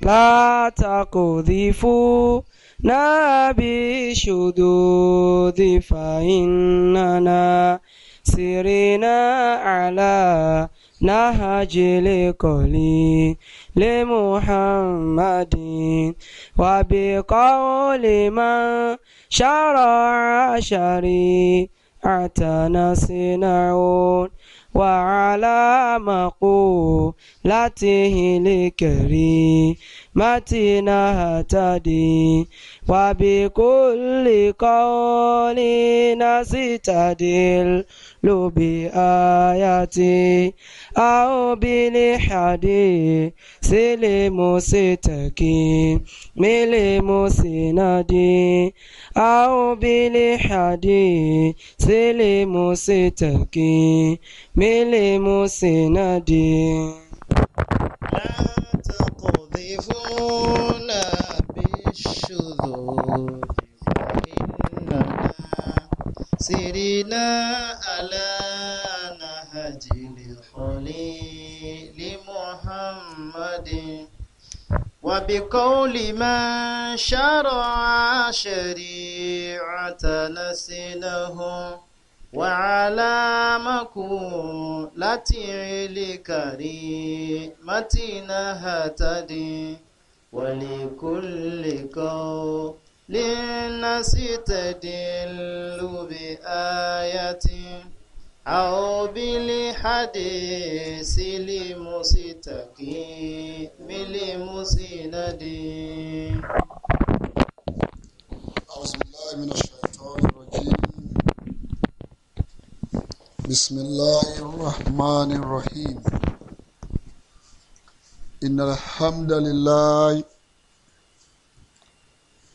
لا تقذفونا بشدود فإننا سرنا على نهج لكل لمحمد وبقول من شرع شريعتنا سنعون وعلى مقولته لكريمتنا هتدي وبكل قول نستدل لو بآياتي أو بالحديث لمستكي لمسندي أو بالحديث لمستكي لمسندي لا تقذفونا بالشذوذ سرنا على نهج الخليل محمد وبقول من شرع شريعه نسله وعلى مقولة لكريمتنا هتدي ولكل قوم للناس تدل بآية أو بالحديث لمستقيم لمسند أعوذ بالله من الشيطان الرجيم بسم الله الرحمن الرحيم إن الحمد لله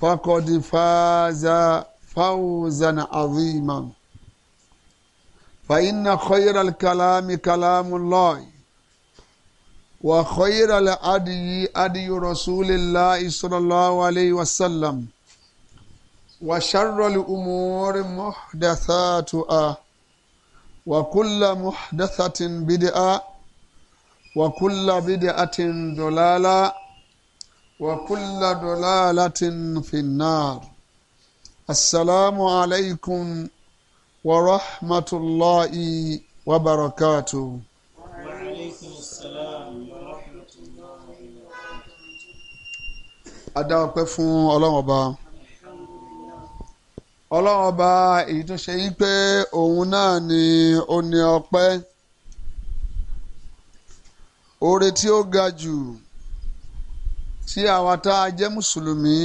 fakọdí fáza fáwùzàn àzìmà fàyínà kọ́yìrà kàlámi kàlámù lọ́ọ̀ì wà kọ́yìrà adìyí adìyí rasulillah sallallahu alayhi wa sallam wà sharrọ̀lì umuri muhdathatu'a wà kulla muhdathatin bid'a wà kulla bid'atin dolala. وكل ضلالة في النار السلام عليكم ورحمة الله وبركاته وعليكم السلام ورحمة الله وبركاته adáwọ̀pẹ́ fún ọlọ́run ọba ọlọ́run ọba èyí tó ṣe yín pé òun náà ni ó tí àwa tá a jẹ́ mùsùlùmí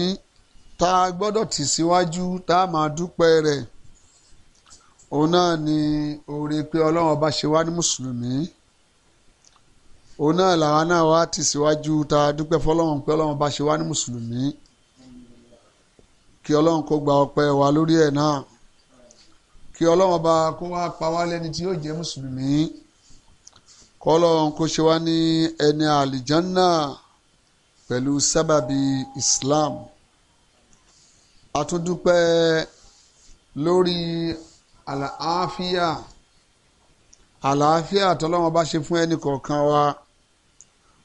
tá a gbọ́dọ̀ tì síwájú tá a máa dúpẹ́ rẹ̀ òun náà ni oore pé ọlọ́run ọba ṣe wá ní mùsùlùmí òun náà làwa náà wá tì síwájú tá a dúpẹ́ fọlọ́run pé ọlọ́run ọba ṣe wá ní mùsùlùmí kí ọlọ́run kó gba ọpẹ́ wa lórí ẹ̀ náà kí ọlọ́run ọba kó wá pa wá lẹ́ni tí yóò jẹ́ mùsùlùmí kọ́ ọlọ́run kó ṣe wá ní ẹni àlìjánná náà pẹ̀lú sábàbí Islam àtúndúpẹ́ lórí àlàáfíà àlàáfíà tọ́lọ́wọ́n bá ṣe fún ẹnì kọ̀ọ̀kan wa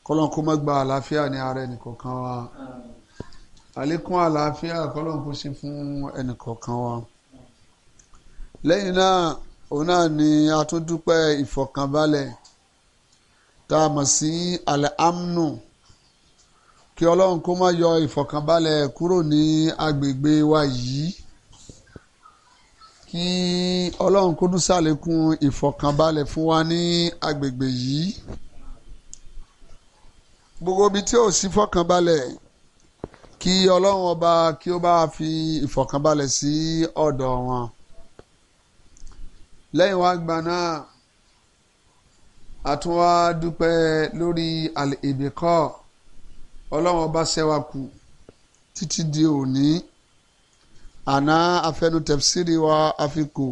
kọ́lọ́n kó má gba àlàáfíà ní ara ẹnì kọ̀ọ̀kan wa àlékún àlàáfíà kọ́lọ́n kó ṣe fún ẹnì kọ̀ọ̀kan wa lẹ́yìn náà òun náà ni àtúndúpẹ́ ìfọ̀kànbalẹ̀ tá a mọ̀ sí àlàámnù. No kí ọlọ́run kó má yọ ìfọ̀kànbalẹ̀ kúrò ní agbègbè wa yìí kí ọlọ́run kó tún ṣàlékún ìfọ̀kànbalẹ̀ fún wa ní agbègbè yìí gbogbo ibi tí ò sí fọ̀kànbalẹ̀ kí ọlọ́run ọba kí ó bá fi ìfọ̀kànbalẹ̀ sí ọ̀dọ̀ wọn lẹ́yìn wá gbà náà àtúnwá dúpẹ́ lórí àlè ìbíkọ́. E ọlọ́run ọba ṣẹ́wà kù títí di òní àná afẹnu wa àfikò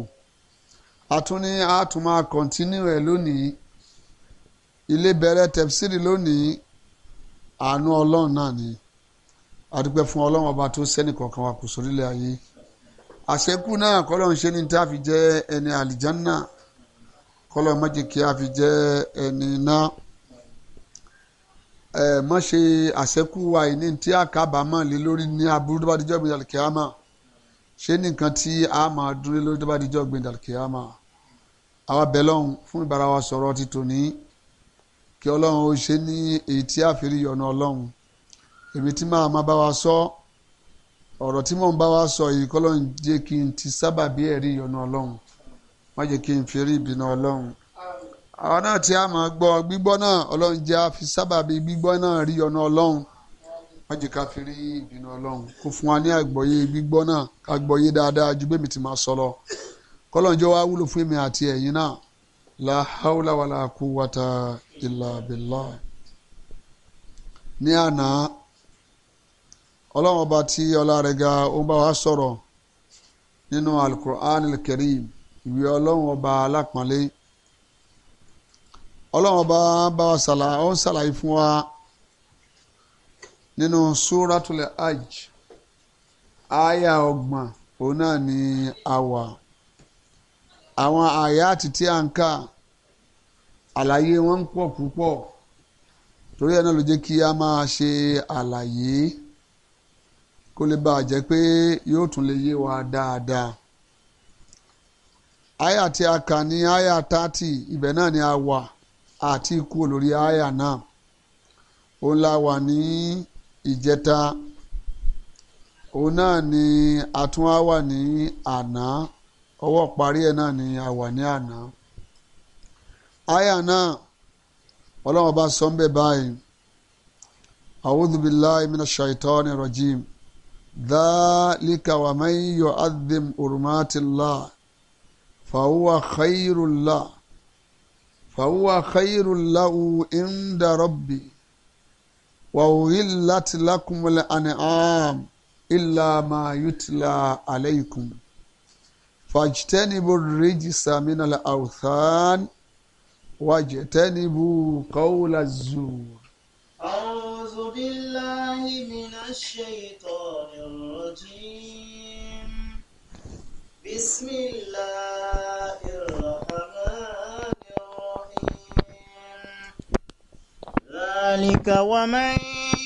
àtúní àtúmọ̀ kọ̀ntínú rẹ̀ lónìí ilé bẹ̀rẹ̀ tẹ̀síìrì lónìí àánú ọlọ́run náà ni àdúpẹ́ fún ọlọ́run ọba tó sẹ́ni kọ̀ọ̀kan wa kù sórílẹ̀ ayé àṣekú náà kọ́lọ́run ṣe ní tá a fi jẹ́ ẹni àlìjánná kọ́lọ́run má jẹ́ kí a fi jẹ́ ẹni náà ẹ má ṣe àṣẹkù wa ìní tí a kábàámọ̀ lé lórí ní aburú tó bá dijọ́ gbin dàlùkìyàmà ṣé nìkan tí a máa dúró lórí tó bá dijọ́ gbin dàlùkìyàmà àwa bẹ̀ lọ́hùn fún ìbára wa sọ̀rọ̀ ti tòní kí ọlọ́run ó ṣe ní èyí tí a fi rí ọ̀nà èmi tí màá má bá wa sọ ọ̀rọ̀ tí mò ń bá wa sọ yìí kọ́lọ́run jẹ́ kí n ti sábà bí ẹ̀rí ọ̀nà má jẹ́ kí n fi rí ìbínú ọlọ́run àwọn náà tí a máa gbọ́ gbígbọ́ náà ọlọ́run jẹ́ àfi sábàbí gbígbọ́ náà rí ọ̀nà ọlọ́run má jẹ́ ká fi rí ìbínú ọlọ́run kó fún wa ní àgbọ́yé gbígbọ́ náà ká gbọ́yé dáadáa ju bẹ́ẹ̀ mi ti máa sọ lọ kọ́lọ́njọ́ wa wúlò fún mi àti ẹ̀yin náà la haula wala quwwata illa billah ní àná ọlọ́run ọba tí ọlá rẹ̀ ga ó bá wa sọ̀rọ̀ nínú alukur'an alkarim ìwé ọlọ́run ọba alápọ̀nlé ọlọ́run bá bá wa ṣàlà ó ń ṣàlàyé fún wa nínú suratul hajj aya ọgbọ̀n òun náà ni àwà àwọn àyà àti tí a ń kà àlàyé wọn ń pọ̀ púpọ̀ torí ẹ̀ náà ló jẹ́ kí a máa ṣe àlàyé kó lè bá jẹ́ pé yóò tún lè yé wa dáadáa. àyà tí a kà ní ibẹ̀ náà ni a wà àti ikú olórí àyà náà òun la wà ní ìjẹta òun náà ni àtún á wà ní àná ọwọ́ parí ẹ̀ náà ni a wà ní àná àyà náà ọlọ́run ọba sọ ń bẹ báyìí a'udhu billahi minash shaitani rajim dhalika wa man yu'adhim urmatillah fa huwa khairul فهو خير له عند ربي وأهلت لكم الأنعام إلا ما يتلى عليكم فاجتنبوا الرجس من الأوثان واجتنبوا قول الزور أعوذ بالله من الشيطان الرجيم بسم الله ذلك ومن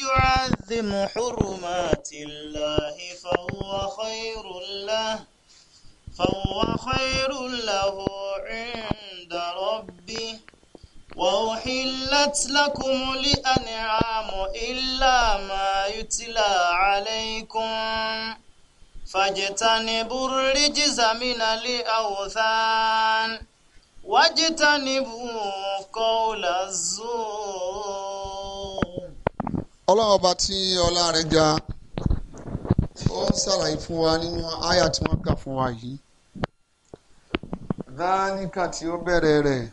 يعظم حرمات الله فهو خير له فهو خير له عند ربه وأحلت لكم الأنعام إلا ما يتلى عليكم فاجتنبوا الرجز من الأوثان واجتنبوا قول الزور ọlọ́run ọba tí ọlá rẹ̀ ga ó ń ṣàlàyé fún wa nínú àyà tí wọ́n kà fún wa yìí dáníkà tí ó bẹ̀rẹ̀ rẹ̀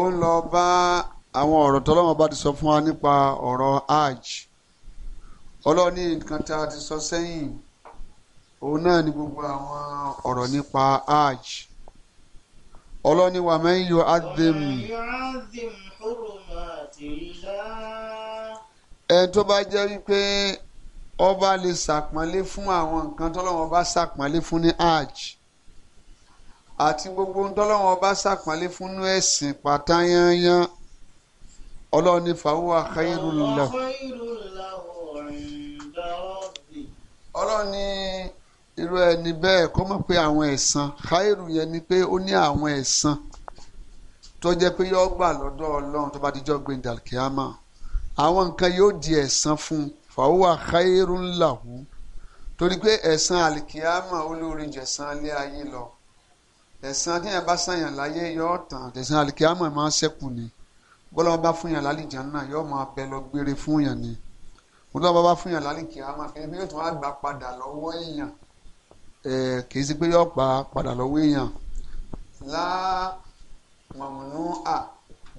ó ń lọ bá àwọn ọ̀rọ̀ tọ́lọ́run ọba ti sọ fún wa nípa ọ̀rọ̀ hajj ọlọ́run ní nǹkan tá a ti sọ sẹ́yìn òun náà ni gbogbo àwọn ọ̀rọ̀ nípa hajj ọlọ́run ní wàmẹ́yìn yóò adìm. yóò adìm hurumati Allah ẹ tó bá jẹ́ wípé ọba lè ṣàpọ́nlé fún àwọn nǹkan tọ́lọ́wọ́n bá ṣàpọ́nlé fún ní hajj àti gbogbo ohun tọ́lọ́wọ́n bá ṣàpọ́nlé fún ní ẹ̀sìn pátá yányán ọlọ́run ní fàáwọ́ àkáyérú lọ. ọlọ́run ní irú ẹni bẹ́ẹ̀ kó mọ̀ pé àwọn ẹ̀san káyérú yẹn ni pé ó ní àwọn ẹ̀san tó jẹ́ pé yó gbà lọ́dọ̀ ọlọ́run tó bá dijọ́ gbẹ̀ndàkíámà àwọn nǹkan yóò di ẹ̀san fún un fàwọ́wà khairun lahu torí pé ẹ̀san àlìkíyàmà olórí jẹ̀san ilé ayé lọ ẹ̀san téèyàn bá sàyàn láyé yóò tàn ẹ̀san àlìkíyàmà máa ṣẹ́kù ni bọ́lọ́wọ́ bá fún yàn lálìjà náà yóò máa bẹ lọ gbére fún yàn ni bọ́lọ́wọ́ bá fún yàn lálìkíyàmà kì yóò tún wá gbà padà lọ́wọ́ èèyàn kì í sí pé yóò pa padà lọ́wọ́ èèyàn lá à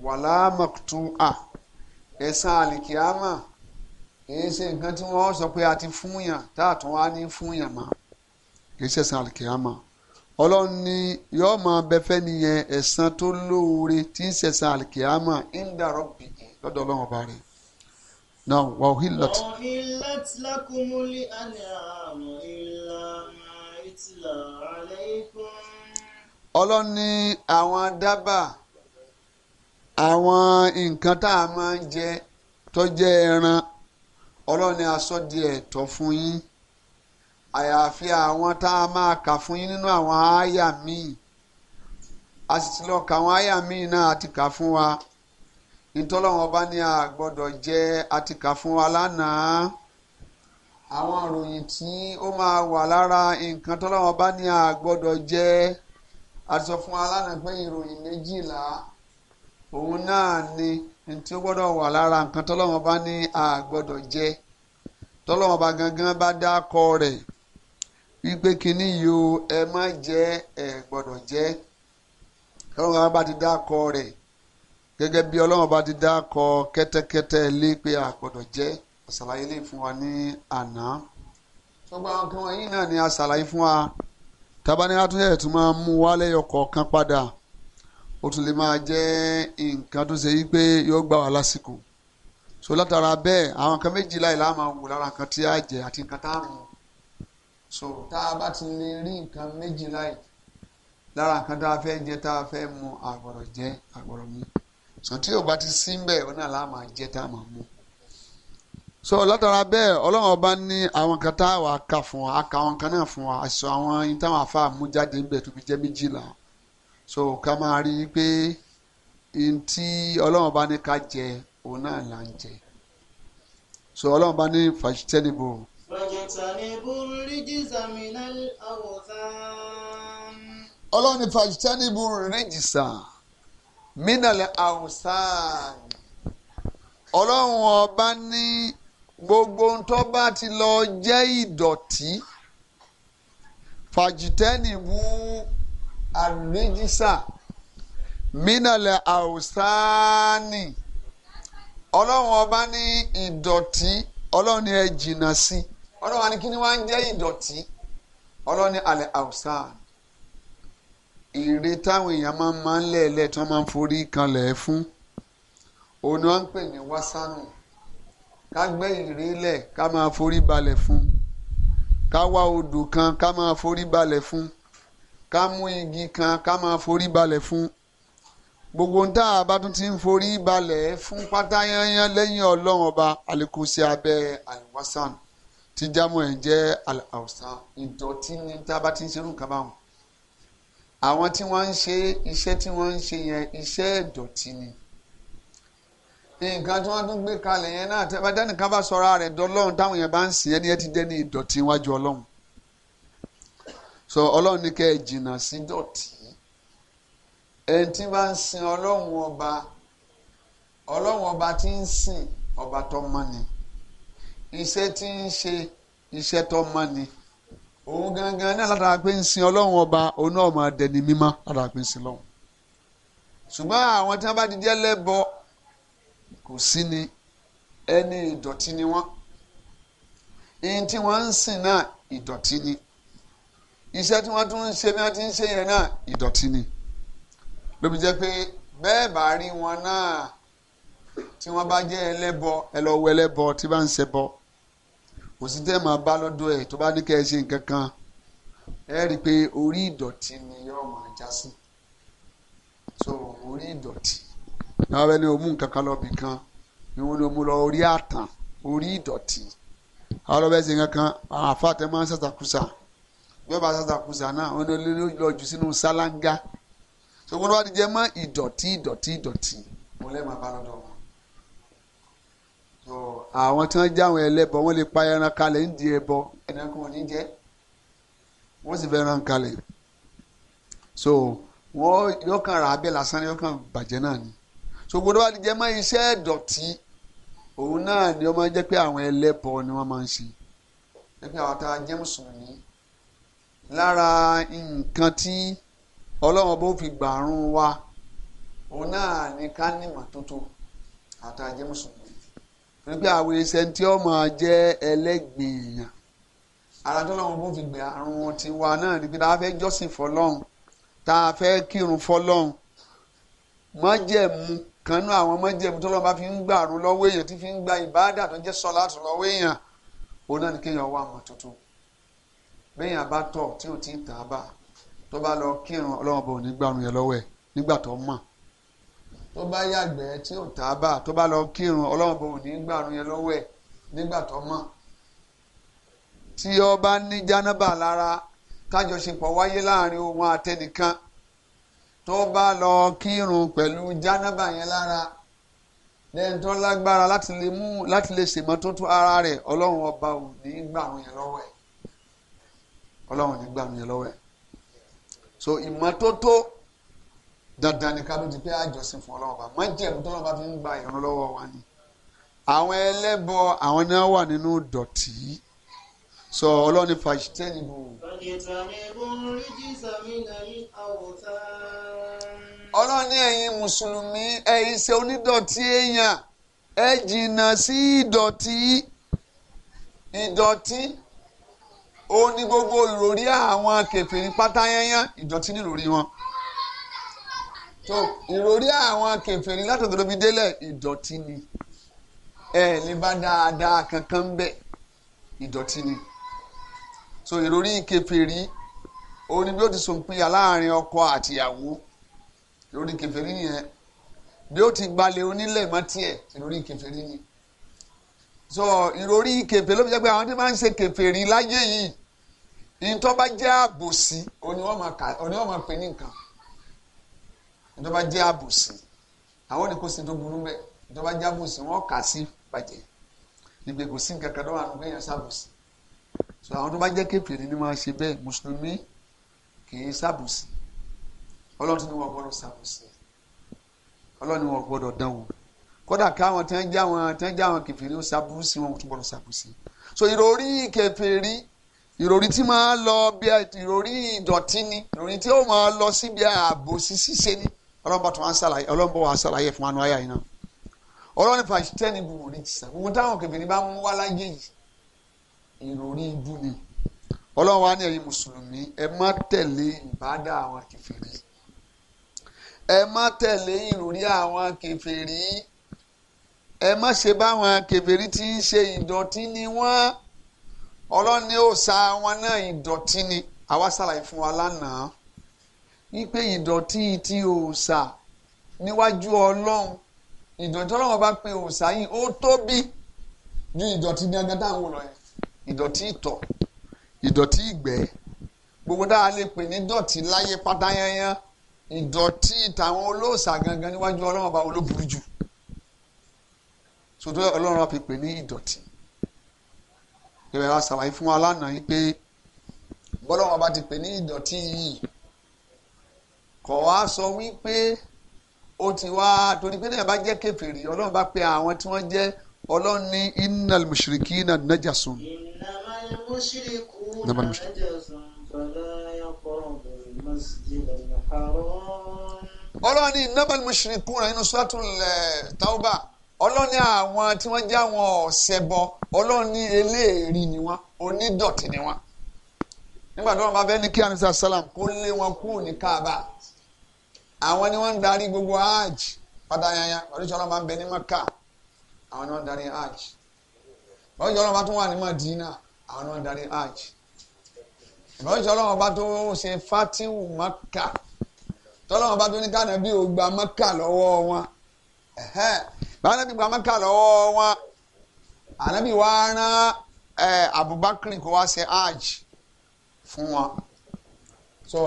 wàlá à ẹ̀san àlìkìámà kìí ṣe nǹkan tí wọ́n sọ pé a ti fún yàn tá a tún wá ní fún yàn mọ́ kìí ṣe ẹ̀san àlìkìámà ọlọ́run ni yọ́ọ́ máa bẹ fẹ́ nìyẹn ẹ̀san tó lóore tí ń ṣẹ̀san àlìkìámà ń dàrọ́ bìkì lọ́dọ̀ ọlọ́run ọba rẹ̀ náà wà ó hílọ̀t. ọ̀hìnlẹ̀t lákùnmúlì àníhàn ìlànà ìtìlá àlẹ́ ni àwọn dábàá àwọn nǹkan tá a máa ń jẹ tó jẹ ẹran ọlọ́run ni aṣọ di ẹ̀tọ́ fún yín àyàfi àwọn tá a máa kà fún yín nínú àwọn àáyà míì a sì ti lọ kà àwọn àáyà míì náà àti kà fún wa ìtọ́lọ́wọ́n bá ní a gbọ́dọ̀ jẹ́ kà fún wa lánàá àwọn ìròyìn tí ó máa wà lára nǹkan tọ́lọ́wọ́n bá ní òun náà ni ó wà lára nǹkan tọ́lọ́wọ́n bá ní a jẹ tọ́lọ́wọ́n bá gangan bá dákọ rẹ̀ wípé kínní yìí o ẹ má jẹ ẹ gbọ́dọ̀ jẹ tọ́lọ́wọ́n bá ti dákọ rẹ̀ gẹ́gẹ́ bí ọlọ́wọ́n bá ti kẹ́tẹ́kẹ́tẹ́ lé pé àṣàlàyé lè fún wa ní àná àwọn kan wọ̀nyí náà ni àṣàlàyé fún wa máa mú wálé ọkọ̀ kan ó tún lè máa jẹ́ nǹkan tó ṣe wípé yóò gbà wá lásìkò so látara bẹ́ẹ̀ àwọn nǹkan méjìlá yìí láà máa wò lára nǹkan tí a jẹ àti nǹkan tá a mú so tá a bá ti lè rí nǹkan méjìlá yìí lára nǹkan tá a fẹ́ jẹ tá a fẹ́ mu àgbọ̀rọ̀ jẹ àgbọ̀rọ̀ mu so tí o bá ti sí ń bẹ̀ ọ náà láà máa jẹ tá a máa mu so látara bẹ́ẹ̀ ọlọ́run ọba ní àwọn nǹkan tá a wà á kà fún wa a kà àwọn nǹkan náà fún wa àṣọ àwọn yìí táwọn àfa àmújáde so ká máa rí i pé ntí ọlọ́run bá ní ká jẹ òun náà là ń jẹ so ọlọ́run bá ní fàṣítẹ́nìbò. fàṣítẹ́nìbò ríjìsà mìíràn àwòsàn. ọlọ́run ní fàṣítẹ́nìbò ríjìsà mìíràn àwòsàn. ọlọ́run ọba ní gbogbo ohun tó bá ti lọ jẹ́ ìdọ̀tí fàṣítẹ́nìbò àríjísà mínàlẹ̀ àwòsáàní ọlọ́run ọba ní ìdọ̀tí ọlọ́run ni ẹ jìnnà sí ọlọ́run àni kí ni wọ́n á jẹ́ ìdọ̀tí ọlọ́run ní alẹ́ àwòsáàní ère táwọn èèyàn máa ń máa ń lẹ́ẹ̀lẹ́ tí wọ́n máa ń forí kanlẹ̀ fún òun ni wọ́n ń pè ní wásánù ká gbẹ́ ère lẹ̀ ká máa forí balẹ̀ fún ká wá odò kan ká máa forí balẹ̀ fún ká mú igi kan ká máa forí balẹ̀ fún gbogbo ń tá a bá tún ti ń forí balẹ̀ fún pátá yányán lẹ́yìn ọlọ́run ọba àlékúnṣe abẹ́ àlùwásán tí jámọ̀ ẹ̀ jẹ́ àlùwásán ìdọ̀tí ni tá a bá ti ń ṣerú nǹkan báwọn àwọn tí wọ́n ń ṣe iṣẹ́ tí wọ́n ń ṣe yẹn iṣẹ́ ìdọ̀tí ni nǹkan tí wọ́n tún gbé kalẹ̀ yẹn náà tẹ́ bá dẹ́nìkan bá sọ̀rọ̀ rẹ̀ dọ́lọ́run táwọn yẹn bá ń sìn ẹni ẹ ti dẹ́ni ìdọ̀tí wájú ọlọ́run so ọlọ́run ní kẹ́ ẹ jìnnà sí dọ̀tí ẹni tí bá ń sin ọlọ́run ọba ọlọ́run ọba tí ń sìn ọba tó mọ́ ni iṣẹ́ tí ń ṣe iṣẹ́ tó mọ́ ni òun gangan náà látara pé ń sin ọlọ́run ọba òun náà máa dẹni mímọ́ látara pé ń sin lọ́hùn ṣùgbọ́n àwọn tí wọ́n bá ti jẹ́ kò sí ni ẹni ìdọ̀tí ni wọ́n ẹni tí wọ́n ń sìn náà ìdọ̀tí ni iṣẹ́ tí wọ́n tún ń ṣe bí wọ́n ti ń ṣe yẹn náà ìdọ̀tí ni ló fi jẹ́ pé bẹ́ẹ̀ bá rí wọn náà tí wọ́n bá jẹ́ ẹlẹ́bọ ẹ lọ wọ ẹlẹ́bọ tí bá ń ṣẹbọ kò sí tẹ́ máa bá lọ́dọ̀ ẹ̀ tó bá ní kẹ́ ẹ ṣe nǹkan kan ẹ rí i pé orí ìdọ̀tí ni yóò máa já sí so orí ìdọ̀tí náà bẹ́ẹ̀ ni o mú nǹkan kan lọ kan ni wọ́n ní o mú lọ orí àtàn orí ìdọ̀tí àwọn ọlọ́bẹ̀ ṣe nǹkan kan àfa tẹ máa ń ṣàtàkùsà yọba sàtàkùsà náà wọn lè lọ jù sínú sálángá sọgbọn wa ti jẹ mọ́ ìdọ̀tí ìdọ̀tí ìdọ̀tí mo lè máa bá lọ́dọ̀ wọn. àwọn tí wọ́n já àwọn ẹlẹ́bọ wọ́n lè pa ẹran kalẹ̀ ń di ẹbọ ẹran kan ní jẹ wọ́n sì fẹ́ ran kalẹ̀ so wọ́n yóò kàn rà abẹ́ lásán yóò kàn bàjẹ́ náà ni sọgbọn wa ti jẹ mọ́ iṣẹ́ ìdọ̀tí òun náà ni wọ́n máa jẹ́ pé àwọn ẹlẹ́bọ ni wọ́n máa ń ṣe ẹgbẹ́ àwọn tá a jẹ́ mùsùlùmí lára nǹkan tí ọlọ́run bó fi gbàrún wa òun náà ní ká ní mọ́tótó àtàjẹ́ mùsùlùmí torí pé àwọn iṣẹ́ tí ó máa jẹ́ ẹlẹ́gbìn èèyàn ara tó lọ́run bó fi gbàrún wọn ti wa náà ni pé tá a fẹ́ jọ́sìn fọlọ́run tá a fẹ́ kírun fọlọ́run mọ́jẹ̀mú kanú àwọn mọ́jẹ̀mú tó lọ́run bá fi ń gbàrún lọ́wọ́ èèyàn tí fi ń gba ìbáàdà tó jẹ́ sọ́láàtù lọ́wọ́ èèyàn òun náà ni kéèyàn wà mọ́tótó bẹ́yìn àbá tọ̀ tí ò tí ń tà á bà tó bá lọ kírun ọlọ́run bò ní gbàrún yẹn lọ́wọ́ ẹ̀ nígbà tó mọ̀ tó bá yàgbẹ́ tí ò tà á bà tó bá lọ kírun ọlọ́run bò ní gbàrún yẹn lọ́wọ́ ẹ̀ nígbà tó mọ̀ tí ó bá ní jánábà lára tájọṣepọ̀ wáyé láàrin òun àtẹnìkan tó bá lọ kírun pẹ̀lú jánábà yẹn lára lẹ́yìn lágbára láti lè mú láti lè ṣèmọ́tótó ara rẹ̀ ọlọ́run ọba ò ní gbàrún yẹn lọ́wọ́ ẹ̀ ọlọ́run ní gbà mí ẹ lọ́wọ́ ẹ̀ so ìmọ́tótó dandan ni ká ló ti pé àjọsìn fún ọlọ́run bá má jẹ́ ẹ̀mí tọ́lọ́ bá fi ń gba ìran lọ́wọ́ wa ni àwọn ẹlẹ́bọ àwọn ni wọ́n wà nínú dọ̀tí sọ ọlọ́run fàṣítẹ́nì bò. ọlọ́run ní ẹ̀yin mùsùlùmí ẹ̀yin ṣe onídọ̀tí èèyàn ẹ jìnnà sí ìdọ̀tí ìdọ̀tí ó ní gbogbo ìròrí àwọn kèfèrí pátáyányán ìdọ̀tí ní ìròrí wọn so ìròrí àwọn kèfèrí látọ̀dọ̀ bí délẹ̀ ìdọ̀tí ni ẹ ní bá dáadáa kankan ń bẹ ìdọ̀tí ni so ìròrí kèfèrí ó ní bí ó ti sòpinya láàrin ọkọ àtìyàwó ìròrí kèfèrí nìyẹn bí ó ti gbalẹ̀ onílẹ̀ mọ́tì ẹ̀ ìròrí kèfèrí nìyẹn so ìròrí kèfè ló fi jẹ́ pé àwọn tí wọ́n máa ń ṣe kèfèrí láyé yìí ìtọ́ bá jẹ́ àbòsí òní wọ́n máa pè ní nǹkan ìtọ́ bá jẹ́ àbòsí àwọn ní kò sí tó burú bẹ́ẹ̀ ìtọ́ bá jẹ́ àbòsí wọ́n kà sí bàjẹ́ ìgbè kò sí nǹkan kan tó wà nínú èèyàn ṣàbòsí so àwọn tó bá jẹ́ kèfèrí ni máa ṣe bẹ́ẹ̀ mùsùlùmí kì í ṣàbòsí ọlọ́run tó ní gbọ́dọ̀ ṣàbòsí ọlọ́run ni wọn gbọ́dọ̀ dánwò kódà káwọn tán já wọn tán já wọn kẹfìrí ó ṣàbùrù sí wọn túbọ̀ ṣàbùrù sí so ìròrí kẹfìrí ìròrí tí máa lọ bí ìròrí ìdọ̀tí ni ìròrí tí ó máa lọ síbi àbòsí ṣíṣe ni ọlọ́mọba tó wá ń ṣàlàyé ọlọ́mọba wà á ṣàlàyé fún anú ayá yìí náà ọlọ́run fàṣẹ tẹ́ni bù rí ti sàn gbogbo táwọn kẹfìrí bá mú wá láyé yìí ìròrí ibú ẹ má ṣe báwọn kèfèrí tí ń ṣe ìdọ̀tí ni wọ́n ọlọ́run ní òòṣà wọn náà ìdọ̀tí ni àwa ṣàlàyé fún wa lánàá wípé ìdọ̀tí ti òòṣà níwájú ọlọ́run ìdọ̀tí ọlọ́run bá pe òòṣà yìí ó tóbi ju ìdọ̀tí gangan táwọn wò lọ yẹn ìdọ̀tí ìtọ̀ ìdọ̀tí ìgbẹ́ gbogbo dáa lè pè ní dọ̀tí láyé pátáyányán ìdọ̀tí tàwọn olóòṣà gangan níwájú ọlọ́run bá olóburú jù sọdọ ọlọ́run àfi pè ní ìdọ̀tí ìrẹ̀ wa ṣàlàyé fún wa lánàá yìí pé bọ́lọ́wọ́n bá ti pè ní ìdọ̀tí yìí kọ̀ wá sọ wípé ó ti wá torí pé náà bá jẹ́ kèfèrí ọlọ́run bá pe àwọn tí wọ́n jẹ́ ọlọ́run ní innal mushrikina najasun. innamal mushrikuna najasun fala yaqrabu masjidal haram. ọlọ́run ní innamal mushrikuna nínú suratul eh, Tawbah. ọlọ́ni àwọn tí wọ́n jẹ́ àwọn ọ̀ṣẹbọ ọlọ́ni eléèrí ni wọn onídọ̀tí ni wọn nígbà tí bá ní kí anisa salam kó lé wọn kú ní kaaba àwọn ni gbogbo hajj pátáyáyá ọdúnṣe ọlọ́mọ bẹ ní maka àwọn ni ń darí hajj ọdúnṣe ọlọ́mọ wà ní madina àwọn hajj ọdúnṣe ọlọ́mọ bá tó ṣe maka tọ́lọ́mọ bá tó ní kánà bí maka lọ́wọ́ báyìí gba mẹ́kà lọ́wọ́ wọn ànábì wa rán Abubakar kó wá ṣe hajj fún wọn so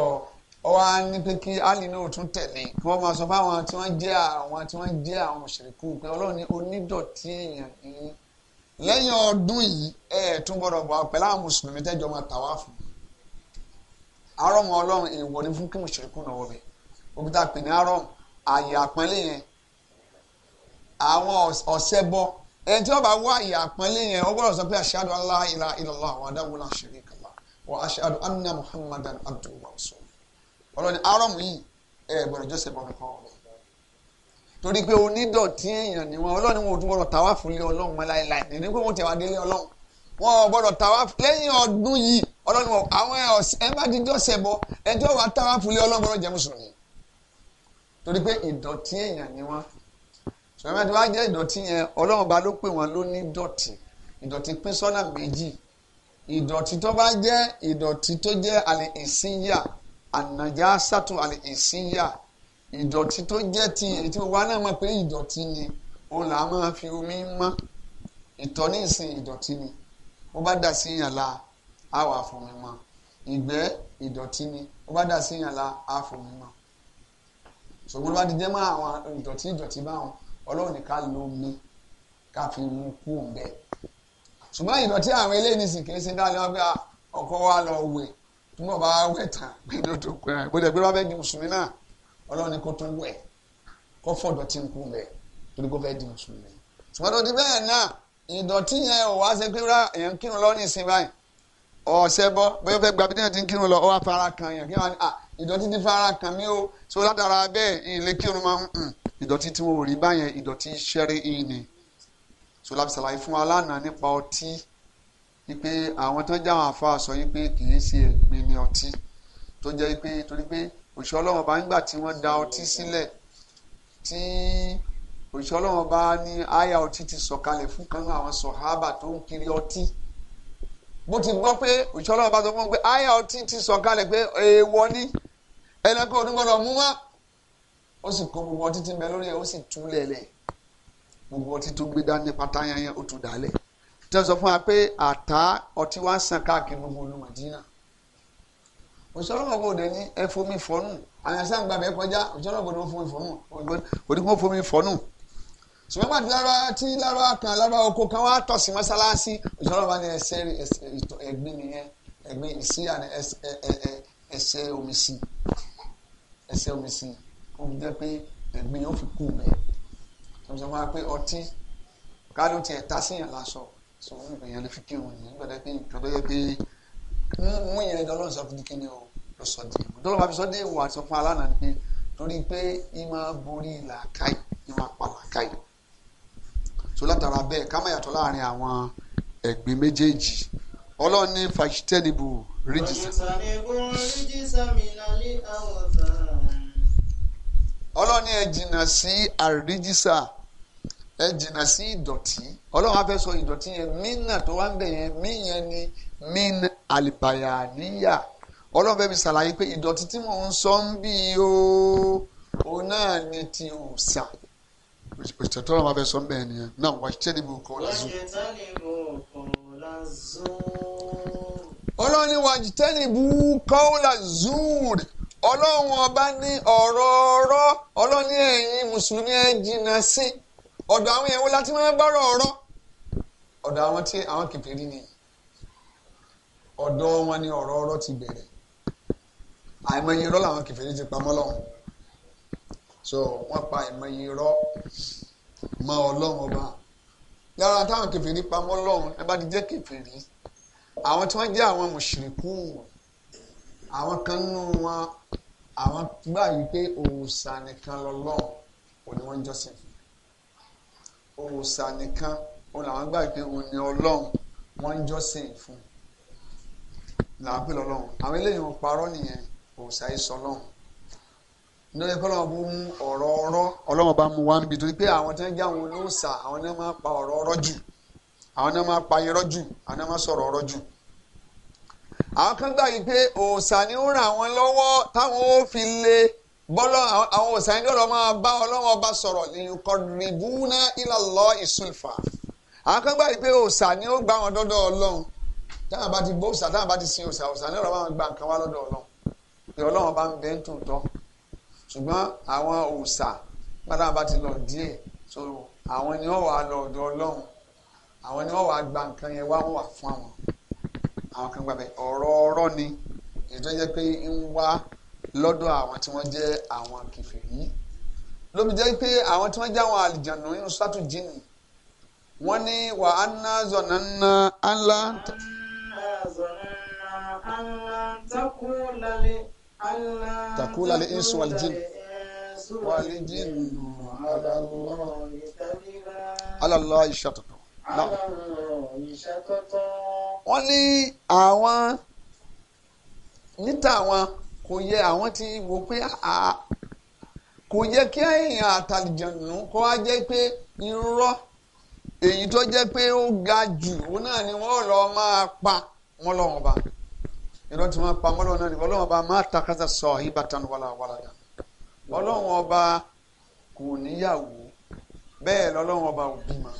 ọwọ́ ni ní pé kí Ali náà tún tẹ̀lé kí wọ́n máa sọ fáwọn tí wọ́n jẹ́ àwọn tí wọ́n jẹ́ àwọn òṣèlú pé Ọlọ́run ní onídọ̀tí èèyàn yìí lẹ́yìn ọdún yìí ẹ̀ tún gbọ́dọ̀ bọ̀ pẹ̀lú àwọn mùsùlùmí tẹ́jọ́ máa tàwa fún arọ́mọ Ọlọ́run èèwọ̀ ni fún kí mùsùlùmí kùnà wọlé òkúta pè ní arọ́mọ àyè àpọ́nlé yẹn àwọn ọ̀sẹ̀ bọ ẹni tí wọ́n bá wá ìyá àpọ́nlé yẹn wọ́n gbọ́dọ̀ sọ pé ashadu an la ilaha illallah wahdahu la sharika lah wa ashadu anna muhammadan abduhu wa rasuluhu ọlọ́ni arọ́mù yìí ẹ gbọ́dọ̀ jọ́sẹ̀ bọ́ kankan wọn torí pé onídọ̀tí èèyàn ni wọn ọlọ́ni wọn ò tún gbọ́dọ̀ tàwa fún ọlọ́run mọ́ ní pé wọ́n ti wá délé ọlọ́run wọn ò gbọ́dọ̀ tàwa lẹ́yìn ọdún yìí ọlọ́run wọn àwọn ẹ má ti jọ́sẹ̀ bọ ẹjọ́ wa tàwa fún ọlọ́run gbọ́dọ̀ jẹ́ mùsùlùmí torí pé ìdọ̀tí èèyàn ni wọn sọ̀rọ̀ tí wọ́n á jẹ́ ìdọ̀tí yẹn ọlọ́run bá ló pè wọ́n ló ní dọ̀tí ìdọ̀tí pín sọ́nà méjì ìdọ̀tí tó bá jẹ́ ìdọ̀tí tó jẹ́ àlè ìsínyà ànàjà sàtò àlè ìsínyà ìdọ̀tí tó jẹ́ ti èyí tí náà mọ̀ pé ìdọ̀tí ni òun là á máa fi omi mọ́ ìtọ̀ ní ìsìn ìdọ̀tí ni ó bá dà sí yàn la á wà fún mi ni ó bá dà sí yàn la á fún mi ti jẹ́ mọ́ àwọn ìdọ̀tí ìdọ̀tí báwọn ọlọ́run nìkan ló mi ká fi mú kú bẹ́ẹ̀. ṣùgbọ́n ìdọ̀tí àwọn eléyìí sì kì í ṣe dáadáa pé ọkọ wa lọ wẹ̀ tí mo bá wẹ̀ tán gbẹdọ̀ tó pẹ́ rẹ̀ gbọdọ̀ pé wọ́n fẹ́ di mùsùlùmí náà ọlọ́run ni kó tún wẹ̀ kó fọ̀ dọ̀tí ń kú bẹ́ẹ̀ torí kó fẹ́ di mùsùlùmí. ṣùgbọ́n tó ti bẹ́ẹ̀ náà ìdọ̀tí yẹn ò wá ṣe pé èèyàn kírun lọ́ọ́ ní ìsìn báyìí ọ̀ọ́ṣẹ́ bọ́ bóyá fẹ́ gbàbí ìdọ̀tí ti fara kàn mí o so látara bẹ́ẹ̀ ìlé kírun máa ń hàn ìdọ̀tí tí wọ́n rí báyẹn ìdọ̀tí ṣẹ́rí ìyìn ni so láti ṣàlàyé fún wa lánàá nípa ọtí wípé àwọn tó ń jáwọn àfa sọ wípé kì í ṣe ẹ̀gbin ni ọtí tó jẹ́ wípé torí pé òṣìṣẹ́ ọlọ́run bá nígbà tí wọ́n da ọtí sílẹ̀ tí òṣìṣẹ́ ọlọ́run bá ní àyà ọtí ti sọ̀kalẹ̀ fún kan àwọn sọ̀hábà tó ń kiri ọtí mo ti gbọ́ pé òṣìṣọ́lá ọba sọ fún mi pé aya ọtí ti sọ kalẹ̀ pé èèwọ̀ ni ẹnìkan ò ní gbọ́dọ̀ mú wá ó sì kó gbogbo ọtí ti mẹ lórí ẹ ó sì tú lẹ̀lẹ̀ gbogbo ọtí tó gbé dání pátá yẹn ó tún dálẹ̀ tí wọ́n sọ fún wa pé àtá ọtí wá sàn káàkiri gbogbo olùmọ̀dínà òṣìṣọ́lá ọba òde ní ẹ fomi fọ́nù àyànsáǹgbà bẹ́ẹ̀ kọjá òṣìṣọ́lá ọba òde fomi fọ́nù ṣùgbọ́n pàtó lára tí lára kan lára oko kan wá tọ̀ sí mọ́sálásí ìṣọ́rọ̀ bá ní ẹsẹ̀ ẹ̀gbin nìyẹn ẹ̀gbin sí àná ẹsẹ̀ omi sí ẹsẹ̀ omi sí ó fi jẹ́ pé ẹ̀gbin yóò fi kú bẹ́ẹ̀ ṣùgbọ́n wá pé ọtí káàdùn tiẹ̀ ta síyàn lásọ sọ wọn ìgbìyànjú lè fi kí òun yìí gbọ́dọ̀ pé nǹkan tó yẹ pé mú ìyẹn gan lọ́sọ̀ fún kíni o lọ sọ dé ìwọ dọ́lọ́ bá fi sọ dé ìwọ àti sọ fún alánà ni pé torí pé ìmọ̀ borí làákàyè ìmọ̀ pa so látara bẹ́ẹ̀ ká má yàtọ̀ láàrin àwọn ẹ̀gbin méjèèjì ọlọ́run ní fàṣítẹ́nìbù ríjìsà. ọlọ́run ní ẹ jìnnà sí àríjìsà ẹ jìnnà sí ìdọ̀tí ọlọ́run á fẹ́ sọ ìdọ̀tí yẹn mínà tó wá ń bẹ̀ yẹn mí yẹn ni mín àlìbàyà níyà ọlọ́run fẹ́ mi ṣàlàyé pé ìdọ̀tí tí mò ń sọ ń bí o òun náà ni ti òòsà òṣìṣẹ́ tọ́lọ́ máa fẹ́ sọ bẹ́ẹ̀ nìyẹn náà wà ṣẹ́ níbo kọ́ lásù. ọlọ́run ni wà jìtẹ́ níbo kọ́ lásùn ọlọ́run ọba ní ọ̀rọ̀ ọ̀rọ̀ ọlọ́run ní ẹ̀yin mùsùlùmí ẹ̀ jìnnà sí ọ̀dọ̀ àwọn èèyàn wo láti máa bá ọ̀rọ̀ ọ̀rọ̀ ọ̀dọ̀ àwọn tí àwọn kìfìrí ni ọ̀dọ̀ wọn ni ọ̀rọ̀ ọ̀rọ̀ ti bẹ̀rẹ̀ àìmọye irọ́ làwọn kìfìrí ti pamọ́ lọ́hùn so wọ́n pa ìmọ̀ye irọ́ mọ́ ọlọ́run ọba lára táwọn kèfèrí pamọ́ ọlọ́run ẹ bá ti jẹ́ kèfèrí àwọn tí wọ́n jẹ́ àwọn mùṣìríkù àwọn kan nínú wọn àwọn gbà yìí pé òòṣà nìkan lọ́lọ́run òun ni wọ́n jọ́sìn fún nìkan òun làwọn gbà yìí pé òun ni ọlọ́run wọ́n jọ́sìn fún làwọn pè lọ́lọ́run àwọn eléyìí wọn parọ́ nìyẹn òòṣà yìí sọ lọ́run nítorí pé ọlọ́run bó mú ọ̀rọ̀ ọ̀rọ̀ ọlọ́run bá mú wá níbi torí pé àwọn tí wọ́n já wọn lóòsà àwọn náà máa pa ọ̀rọ̀ ọ̀rọ̀ jù àwọn náà máa pa irọ́ jù àwọn náà máa sọ̀rọ̀ ọ̀rọ̀ jù. àwọn kan gbà yìí pé òòsà ni ó ràn àwọn lọ́wọ́ táwọn ó fi lè bọ́lọ́ àwọn òòsà yìí lọ́dọ̀ máa bá ọlọ́run ọba sọ̀rọ̀ liyuqarribuna ila Allahi sulfa àwọn kan gbà yìí pé òòsà ni ó gbà wọn dọ́dọ̀ ọlọ́run táwọn bá ti bọ́ òòsà táwọn bá ti sin òòsà ṣùgbọ́n àwọn òòṣà pátá bá ti lọ díẹ̀ so àwọn ni wọ́n wà lọ ọ̀dọ̀ ọlọ́run àwọn ni wọ́n wà gba nǹkan yẹn wá wọ́n wà fún àwọn àwọn kan gbàgbẹ́ ọ̀rọ̀ ọ̀rọ̀ ni ètò jẹ́ pé ń wá lọ́dọ̀ àwọn tí wọ́n jẹ́ àwọn kèfèrí lóbi jẹ́ pé àwọn tí wọ́n jẹ́ àwọn àlìjànú nínú sátú jìnnì wọ́n ní wà á ná zọ̀nà ná á lá. wà á ná zọ̀nà ná á lá takú lálẹ́. تقول الإنس والجن والجن على الله على الله الشطط نعم wọ́n ní àwọn níta àwọn kò yẹ àwọn tí wò pé kò yẹ kí èèyàn àtàlìjànù kó wá jẹ́ pé irọ́ èyí tó jẹ́ pé ó ga jù òun náà ni wọ́n lọ́ọ́ máa pa wọ́n lọ́wọ́ bá irọ́ tí wọ́n pa mọ́lọ́ náà ni ọlọ́run ọba má takasa sọ ìbátan wàlàwàlàdà ọlọ́run ọba kò níyàwó bẹ́ẹ̀ lọ́lọ́run ọba ò bímọ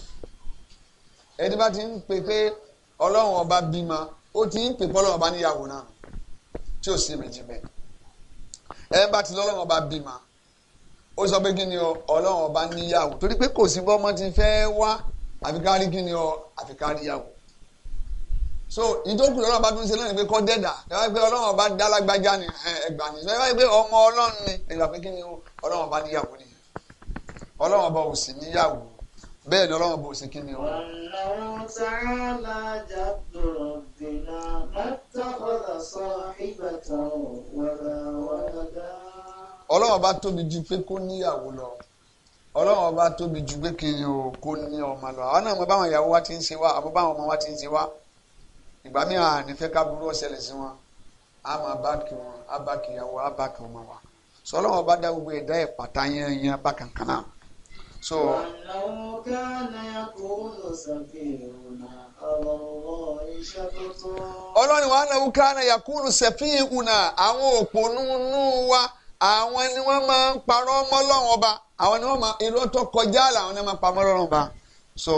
ẹni bá ti ń pè pé ọlọ́run ọba bímọ ó ti ń pè pé ọlọ́run ọba níyàwó náà tí ò sí méjì bẹ́ẹ̀ ẹni bá ti lọ́lọ́run ọba bímọ ó sọ pé kí ni ọlọ́run ọba níyàwó torí pé kò sí bọ́mọ ti fẹ́ wá àfikárí kí ni ọ àfikárí yàwó so ìdókù lọ́nà bá tún ṣe náà ni pé kọ́ dẹ́dà ẹ̀rọ pé ọlọ́run bá dá lágbájá ni ẹgbà ni ẹ̀rọ pé ọmọ ọlọ́run ni ẹgbà pé kí ni ọlọ́run bá níyàwó ni ọlọ́run bá ò sí níyàwó bẹ́ẹ̀ ni ọlọ́run bá ò sí kí ni o. ọ̀nà sàrànlá jàdùrù tóbi ju pé kó níyàwó lọ ọlọ́run ọba tóbi ju pé kí ni o kó ní ọmọ lọ àwọn náà mo báwọn ìyàwó wa ti ń ṣe wá àbúbáwọn ọmọ wa ti ń ṣe wá ìgbà mi hàn nífẹ̀ẹ́ ká burú ọ̀sẹ̀lẹ̀ sí wọn a máa bá kí wọn a bá kí ìyàwó a bá kí ọmọ wa bá dá gbogbo ẹ̀dá ẹ̀ pàtà yẹn yẹn bá kankan náà. so. ọlọ́ni wàá náwó káàna yakúrú sẹ́fín una àwọn òpònúnú wa àwọn ni wọ́n máa ń parọ́ mọ́ Ọlọ́run ọba àwọn ni wọ́n máa irọ́ kọjá làwọn ni wọ́n máa ọba so.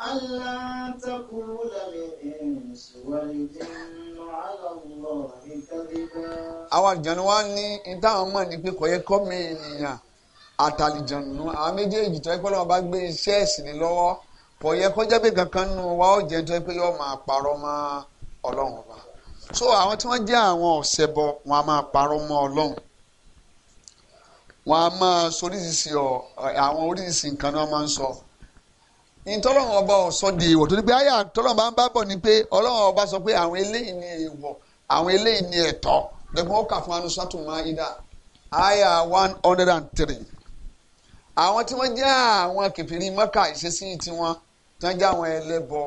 ألا تقول الإنس والجن على الله كذبا àwọn àjànú wa ní ìtàwọn mọ̀ ní pé kò yẹ kọ́ mi ènìyàn àtàlìjànú àwọn méjèèjì tó yẹ pé lọ́wọ́ bá gbé iṣẹ́ ẹ̀sìn ní lọ́wọ́ kò yẹ kó jẹ́ pé kankan nù wá ó jẹ́ tó yẹ pé yóò máa parọ́ mọ́ ọlọ́run ọba so àwọn tí wọ́n jẹ́ àwọn ọ̀sẹ̀bọ wọn a máa parọ́ mọ́ ọlọ́run wọn a máa sọ oríṣiríṣi àwọn oríṣiríṣi nǹkan ni máa ń sọ. So, ntọ́lọ́wọ́n ọba ọ̀sọ́ di èèwọ̀ torí pé àyà tọ́lọ́wọ́n bá ń bá bọ̀ ni pé ọlọ́wọ́n ọba sọ pé àwọn eléyìí ni èèwọ̀ àwọn eléyìí ni ẹ̀tọ́ dẹ̀gbọ́n ó kà fún anusatu maida àyà one hundred and three àwọn tí wọ́n jẹ́ àwọn kẹfìrí mọ́kà ìṣesí tiwọn tí wọ́n jẹ́ àwọn ẹlẹ́bọ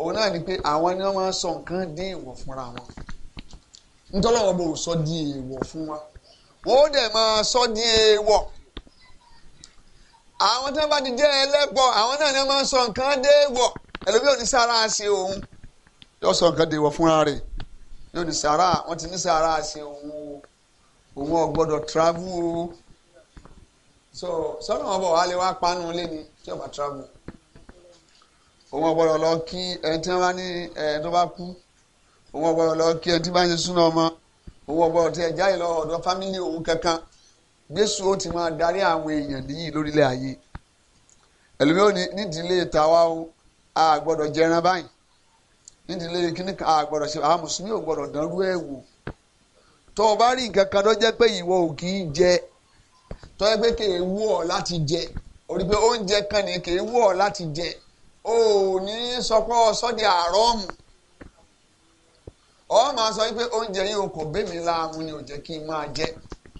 òun náà ni pé àwọn ni wọ́n máa sọ nǹkan di èèwọ̀ fúnra wọn ntọ́lọ́wọ́n ọba ọ̀sọ́ di èèwọ̀ fún wa wọ́n dẹ̀ máa sọ di èèwọ̀ àwọn tí wọ́n bá ti jẹ́ ẹlẹ́bọ àwọn náà ni wọ́n máa ń sọ nǹkan déèwọ̀ ẹlòmíì ò ní sára ṣe òun yóò sọ nǹkan déèwọ̀ fúnra rẹ̀ yóò ní sára wọ́n ti ní sára ṣe òun òun ò travel o so sọ́nà wọn bọ̀ wá lè wá panu lé tí wọ́n bá travel òun ò gbọ́dọ̀ lọ kí ẹni tí wọ́n bá ní ẹni tó bá kú òun ò gbọ́dọ̀ lọ kí ẹni tí wọ́n bá ń ṣe súnà ọmọ òun ò gbọ́dọ̀ tẹ̀ jáde lọ ọ̀dọ̀ fámìlì òun kankan Jésù ó ti máa darí àwọn èèyàn nìyí lórílẹ̀ ayé ẹlòmí ní nídìílé tàwa ó a gbọ́dọ̀ jẹran báyìí nídìílé kíní a gbọ́dọ̀ ṣe àwọn mùsùlùmí ò gbọ́dọ̀ dánrú ẹ̀ wò tó o bá pé ìwọ ò kì í jẹ tó yẹ pé kì í wù láti jẹ orí pé oúnjẹ kan ní kì í wù láti o ní ọ o kò jẹ́ kí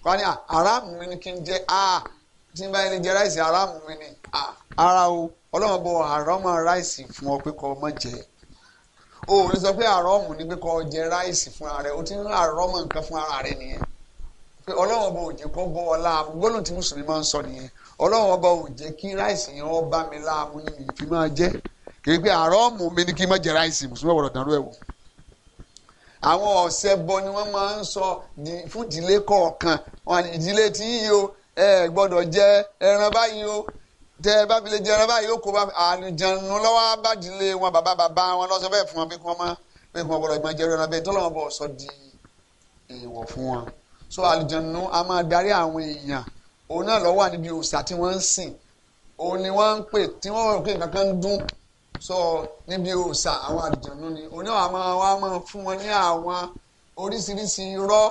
fani a ah, aráàmù mi ni kí n a ah, tí n bá yẹn lè jẹ ráìsì mi ni a ah, ara o ọlọ́run ara àrọ́mọ ráìsì fún ọ pé kọ́ ọmọ jẹ o ní sọ fún ara rẹ o ti ń nǹkan fún ara rẹ nìyẹn pé ọlọ́run bọ̀ òjì kó bọ́ ọ gbólóhùn tí mùsùlùmí máa ń sọ nìyẹn ọlọ́run ọba kí ráìsì yẹn ọ bá mi láàmú ni mi fi máa jẹ kì n má jẹ ráìsì mùsùlùmí àwọn ọ̀sẹ̀ bọ ni wọ́n máa ń sọ fún ìdílé kọ̀ọ̀kan wọn ìdílé tí yìí o ẹ gbọ́dọ̀ jẹ ẹran báyìí o tẹ ẹ bá fi lè jẹ ẹran báyìí o kò bá àlùjànnú lọ́wọ́ bá ìdílé wọn bàbá bàbá wọn lọ́sọ bẹ́ẹ̀ fún wọn pé kí wọ́n má pé kí wọ́n gbọ́dọ̀ ìmọ̀ jẹrẹ ẹran bẹ́ẹ̀ tó lọ́wọ́ bọ̀ sọ di èèwọ̀ fún wọn. so àlùjànnú a máa darí àwọn èèyàn òun náà lọ́wọ́ àníbi òòṣà tí wọ́n ń sìn òun ni wọ́n ń pè tí wọ́n rò pé nǹkan kan ń dún so níbi òòṣà àwọn àdìjànú ni oní àwọn wa máa fún wọn ní àwọn oríṣiríṣi irọ́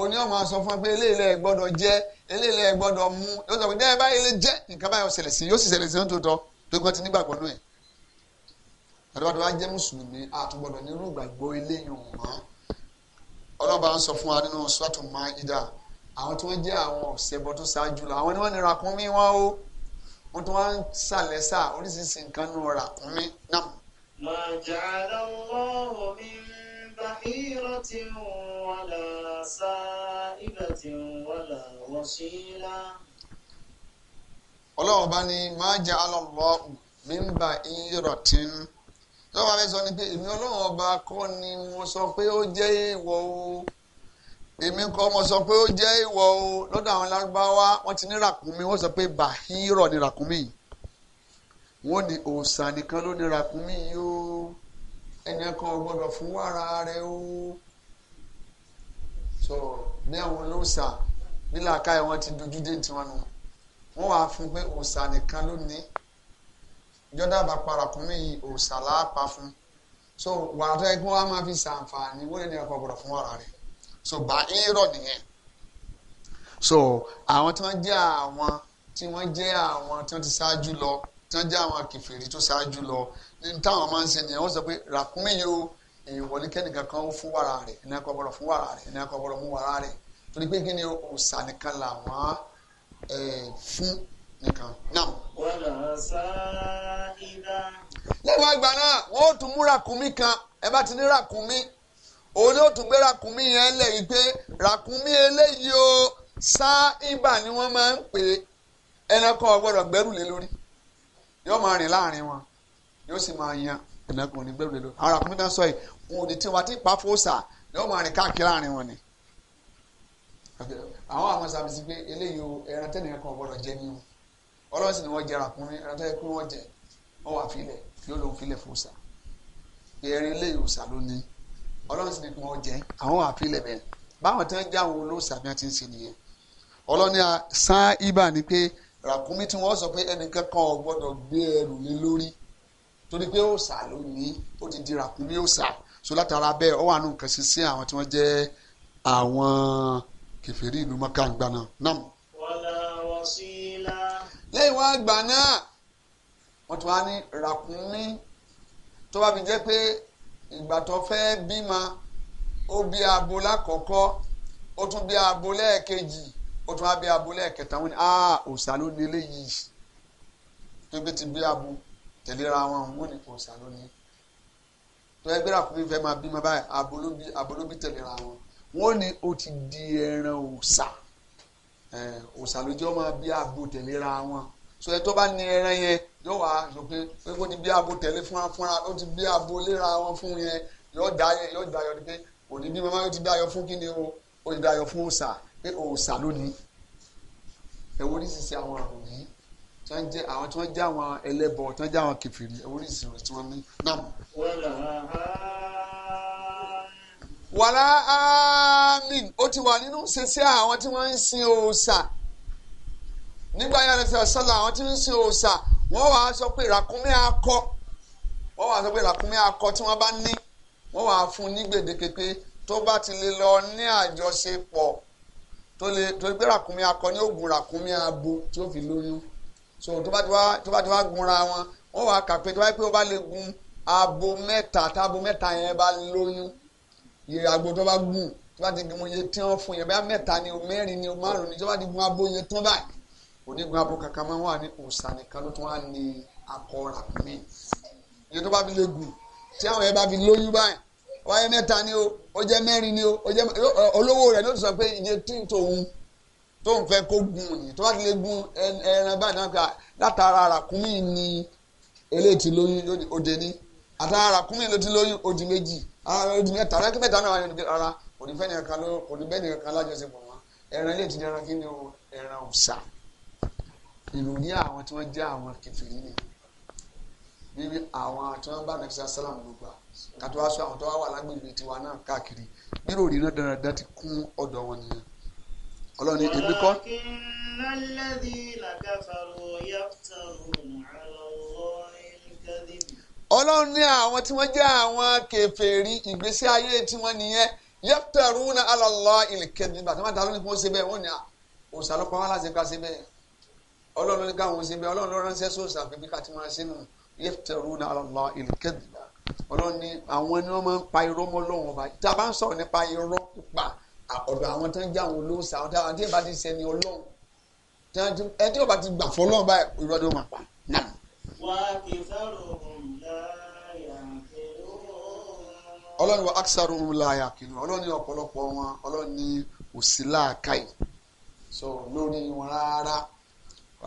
oní ọmọ sọ fún wọn pé eléyìí lẹ gbọ́dọ̀ jẹ eléyìí lẹ gbọ́dọ̀ mu yóò sọ pé jẹ báyìí lè jẹ nǹkan báyìí ó ṣẹlẹ̀ sí yóò sì ṣẹlẹ̀ sí lóòótọ́ tó tó gbọ́n ti nígbàgbọ́ náà ẹ̀ àdúgbò wa jẹ́ mùsùlùmí àtúgbọ̀dọ̀ nínú ìgbàgbọ́ eléyìí mọ́ ọlọ́ba ń sọ fún wa nira kún mí wọ́n tún wá ń sàlẹ̀ sà oríṣiríṣi nǹkan nù ọ̀rà mi náà. ma ja'ala Allahu min bahiratin wala sa'ibatin wala wasila. ọlọ́run bá ní ma ja'ala Allahu min bahiratin tó bá fẹ́ sọ ni pé èmi ọlọ́run ọba kọ́ ni mo sọ pé ó jẹ́ èèwọ̀ o èmi kọ́ mo sọ pé ó jẹ́ ìwọ o lọ́dọ̀ àwọn lárúbáwá wọ́n ti ní ràkúnmí wọ́n sọ pé bàhírọ̀ ni ràkúnmí wọ́n ní òòsàn nìkan ló ní ràkúnmí yìí o ẹni kan gbọ́dọ̀ fún wàrà rẹ̀ o so ní àwọn olóòsà nílàkà yẹn wọ́n ti dojú dé tiwọn nù wọ́n wàá fún pé òòsàn nìkan ló ní jọ́dá bá pa ràkúnmí yìí òòsàn láàpá fún so wàrà tó yẹ kí wọ́n á máa fi ṣàǹfààní wọ́n ní ẹni so bá irọ́ nìyẹn so àwọn tí wọ́n jẹ́ àwọn tí wọ́n jẹ́ àwọn tí wọ́n ti ṣáájú lọ tí wọ́n jẹ́ àwọn kèfèrí tó ṣáájú lọ ní táwọn máa ń ṣe nìyẹn wọ́n sọ pé ràkúnmí yìí o èèyàn wọlé kẹ́nìkan kan fún wàrà rẹ̀ iná kan gbọ́dọ̀ fún wàrà rẹ̀ iná kan gbọ́dọ̀ mú wàrà rẹ̀ torí pé kí ni òòsà nìkan làwọn fún nìkan náà. wàrà sá ìdá. lẹ́wọ̀n àgbà náà wọ́n ó tún mú ràkúnmí kan ẹ bá ti ní ràkúnmí òun yóò tún gbé ràkúnmí yẹn lẹ̀ yìí pé ràkúnmí eléyìí o sá ìgbà ni wọ́n máa ń pè é ẹnìkan ọgbọ́dọ̀ gbẹ́rù lé lórí yóò máa rìn láàrin wọn yóò sì máa yan ẹnìkan ò ní gbẹ́rù lé lórí àwọn ràkúnmí náà sọ yìí òun ní tiwa tí pa fòsà yóò máa rìn káàkiri láàrin wọn ni. àwọn àwọn sàbẹ̀sí pé eléyìí o ẹran tẹ́nìyàn kan ọgbọ́dọ̀ jẹ ní o ọlọ́run sì ni wọ́n jẹ ràkúnmí ẹran tẹ́nìyàn kan wọ́n jẹ wọ́n wà fílẹ̀ yóò lóun fílẹ̀ fòsà ẹ̀rín eléyìí ọlọ́run sì ní kí wọ́n jẹ́ àwọn àfilẹ̀ báwọn tí wọ́n já àwọn olóòsà bí wọ́n ti ń ṣe nìyẹn ọlọ́ni san ibà ni pé ràkúnmí tí wọ́n sọ pé ẹnìkan kan ò gbọ́dọ̀ gbé ẹrù lé lórí torí pé òòsà ló ó ti di ràkúnmí òòsà so látara bẹ́ẹ̀ ó wà nù nǹkan sí sí àwọn tí wọ́n jẹ́ àwọn kèfèrí ìlú mọ́ká ń gbaná náà. wala lẹ́yìn wá gbà náà wọ́n ti wá ní ràkúnmí tó bá fi jẹ́ pé ìgbà tó fẹ́ bímọ ó bí abo lákọ̀ọ́kọ́ ó tún bí abo lẹ́ẹ̀kejì ó tún wá bí abo lẹ́ẹ̀kẹta wọn ni ah òòṣà ló ní eléyìí tóbi ti bí abo tẹ̀léra wọn wọn ni òòṣà ló ní tó ẹgbẹ́ ràkúnmí fẹ́ máa bímọ báyìí abo ló bí abo ló bí tẹ̀léra wọn wọn ni ó ti di ẹran òòṣà òòṣà ló jẹ́ ọmọ bí abo tẹ̀léra wọn so ẹ tó bá ní ẹran yẹn yóò wá sọ pé pé kó ti bí abo tẹ̀lé fúnra fúnra ó ti bí abo léra wọn fún yẹn yóò dá yóò dá yọ ni pé òní bí mama yóò ti dá yọ fún kí ni o ó ti dá yọ fún òòṣà pé òòṣà lónìí ẹ̀wọ́n oríṣiríṣi àwọn àrùn yìí tí wọ́n jẹ́ àwọn tí wọ́n jẹ́ àwọn ẹlẹ́bọ tí wọ́n jẹ́ àwọn kẹfìrí ẹ̀wọ́n oríṣiríṣi tí wọ́n ní náà. wàlá amin. ó ti wà nínú ṣẹṣẹ àwọn tí wọ́n ń sin òòṣà nígbà yà lẹsẹ ọsọlá àwọn tí ń sin òòṣà wọn wàá sọ pé ràkúnmí akọ wọn wàá sọ pé ràkúnmí akọ tí wọn bá ní wọn wàá fún ní gbèdéke pé tó bá ti lè lọ ní àjọṣepọ̀ tó lè tó gbé ràkúnmí akọ ní oògùn ràkúnmí abo tí ó fi lóyún so tó bá ti wá tó bá ti wá gunra wọn wọn wàá kà pé tó bá yẹ pé ó bá lè gun abo mẹ́ta tábo mẹ́ta yẹn bá lóyún yèrè àgbo tó bá gùn tó bá ti gun iye tí wọn fún yẹn bá mẹ́ta ni o mẹ́rin ni o márùn ni tó bá ti gun abo yẹn tán báyìí onígun abo kankan máa ń wà ní òòsà nìkan ló tún wà ní akọ ràkúnmí ìyẹn tó bá fi lè gùn tí àwọn yẹn bá fi lóyún báyìí wáyé mẹ́ta ni o ó jẹ́ mẹ́rin ni o ó jẹ́ olówó rẹ̀ ló ti sọ pé ìyẹn tí tòun tóun fẹ́ kó gùn ni tó bá ti lè gùn ẹran báyìí náà gba látara ràkúnmí ni eléyìí ti lóyún lónìí òde ní àtara ràkúnmí ló ti lóyún òdì méjì òdì mẹ́ta rẹ́kí mẹ́ta náà wà ní òdì rárá kò ní fẹ́ nìkan ló kò ní bẹ́ẹ̀ nìkan lájọṣepọ̀ wọn ẹran ilé ìtìjẹran kí ni o ẹran ìròyìn àwọn tí wọ́n jẹ́ àwọn kẹfìrí ni bíbí àwọn tí wọ́n bá nàìjíríà sálàm ló gbà kátó wá sọ àwọn tó wá wà lágbègbè tiwa náà káàkiri bírò rí náà dáradára ti kún ọ̀dọ̀ wọn nìyẹn ọlọ́run ní èmi kọ́. ọlọ́run ní àwọn tí wọ́n jẹ́ àwọn kẹfẹ́rí ìgbésí ayé tí nìyẹn yẹ́pẹ̀rún náà alọ́lọ́ tí wọ́n ta lónìí fún ó ṣe bẹ́ẹ̀ wọ́n ní òṣàlọ́pàá wọn láti ká ṣe bẹ́ẹ̀ ọlọ́run ní káwọn ṣe bẹ́ẹ̀ ọlọ́run ló ránṣẹ́ sóòsì àfẹ́bí ká ti máa ṣe nù yaftaruna ala Allah al-kadhiba ọlọ́run ní àwọn ni wọ́n máa ń pa irọ́ mọ́ lọ́wọ́n ọba tá a bá ń sọ̀rọ̀ nípa irọ́ pípa ọ̀dọ̀ àwọn tó ń jẹ́ àwọn olóòṣà àwọn tí ì bá ti ṣe ni ọlọ́run ẹ tí ò bá ti gbà fọ́ lọ́wọ́ báyìí irọ́ ló máa pa náà. wà á kì í sọ̀rọ̀ òun láyà ọlọ́run ọlọ́run ọ̀pọ̀lọpọ̀ wọn ọlọ́run ní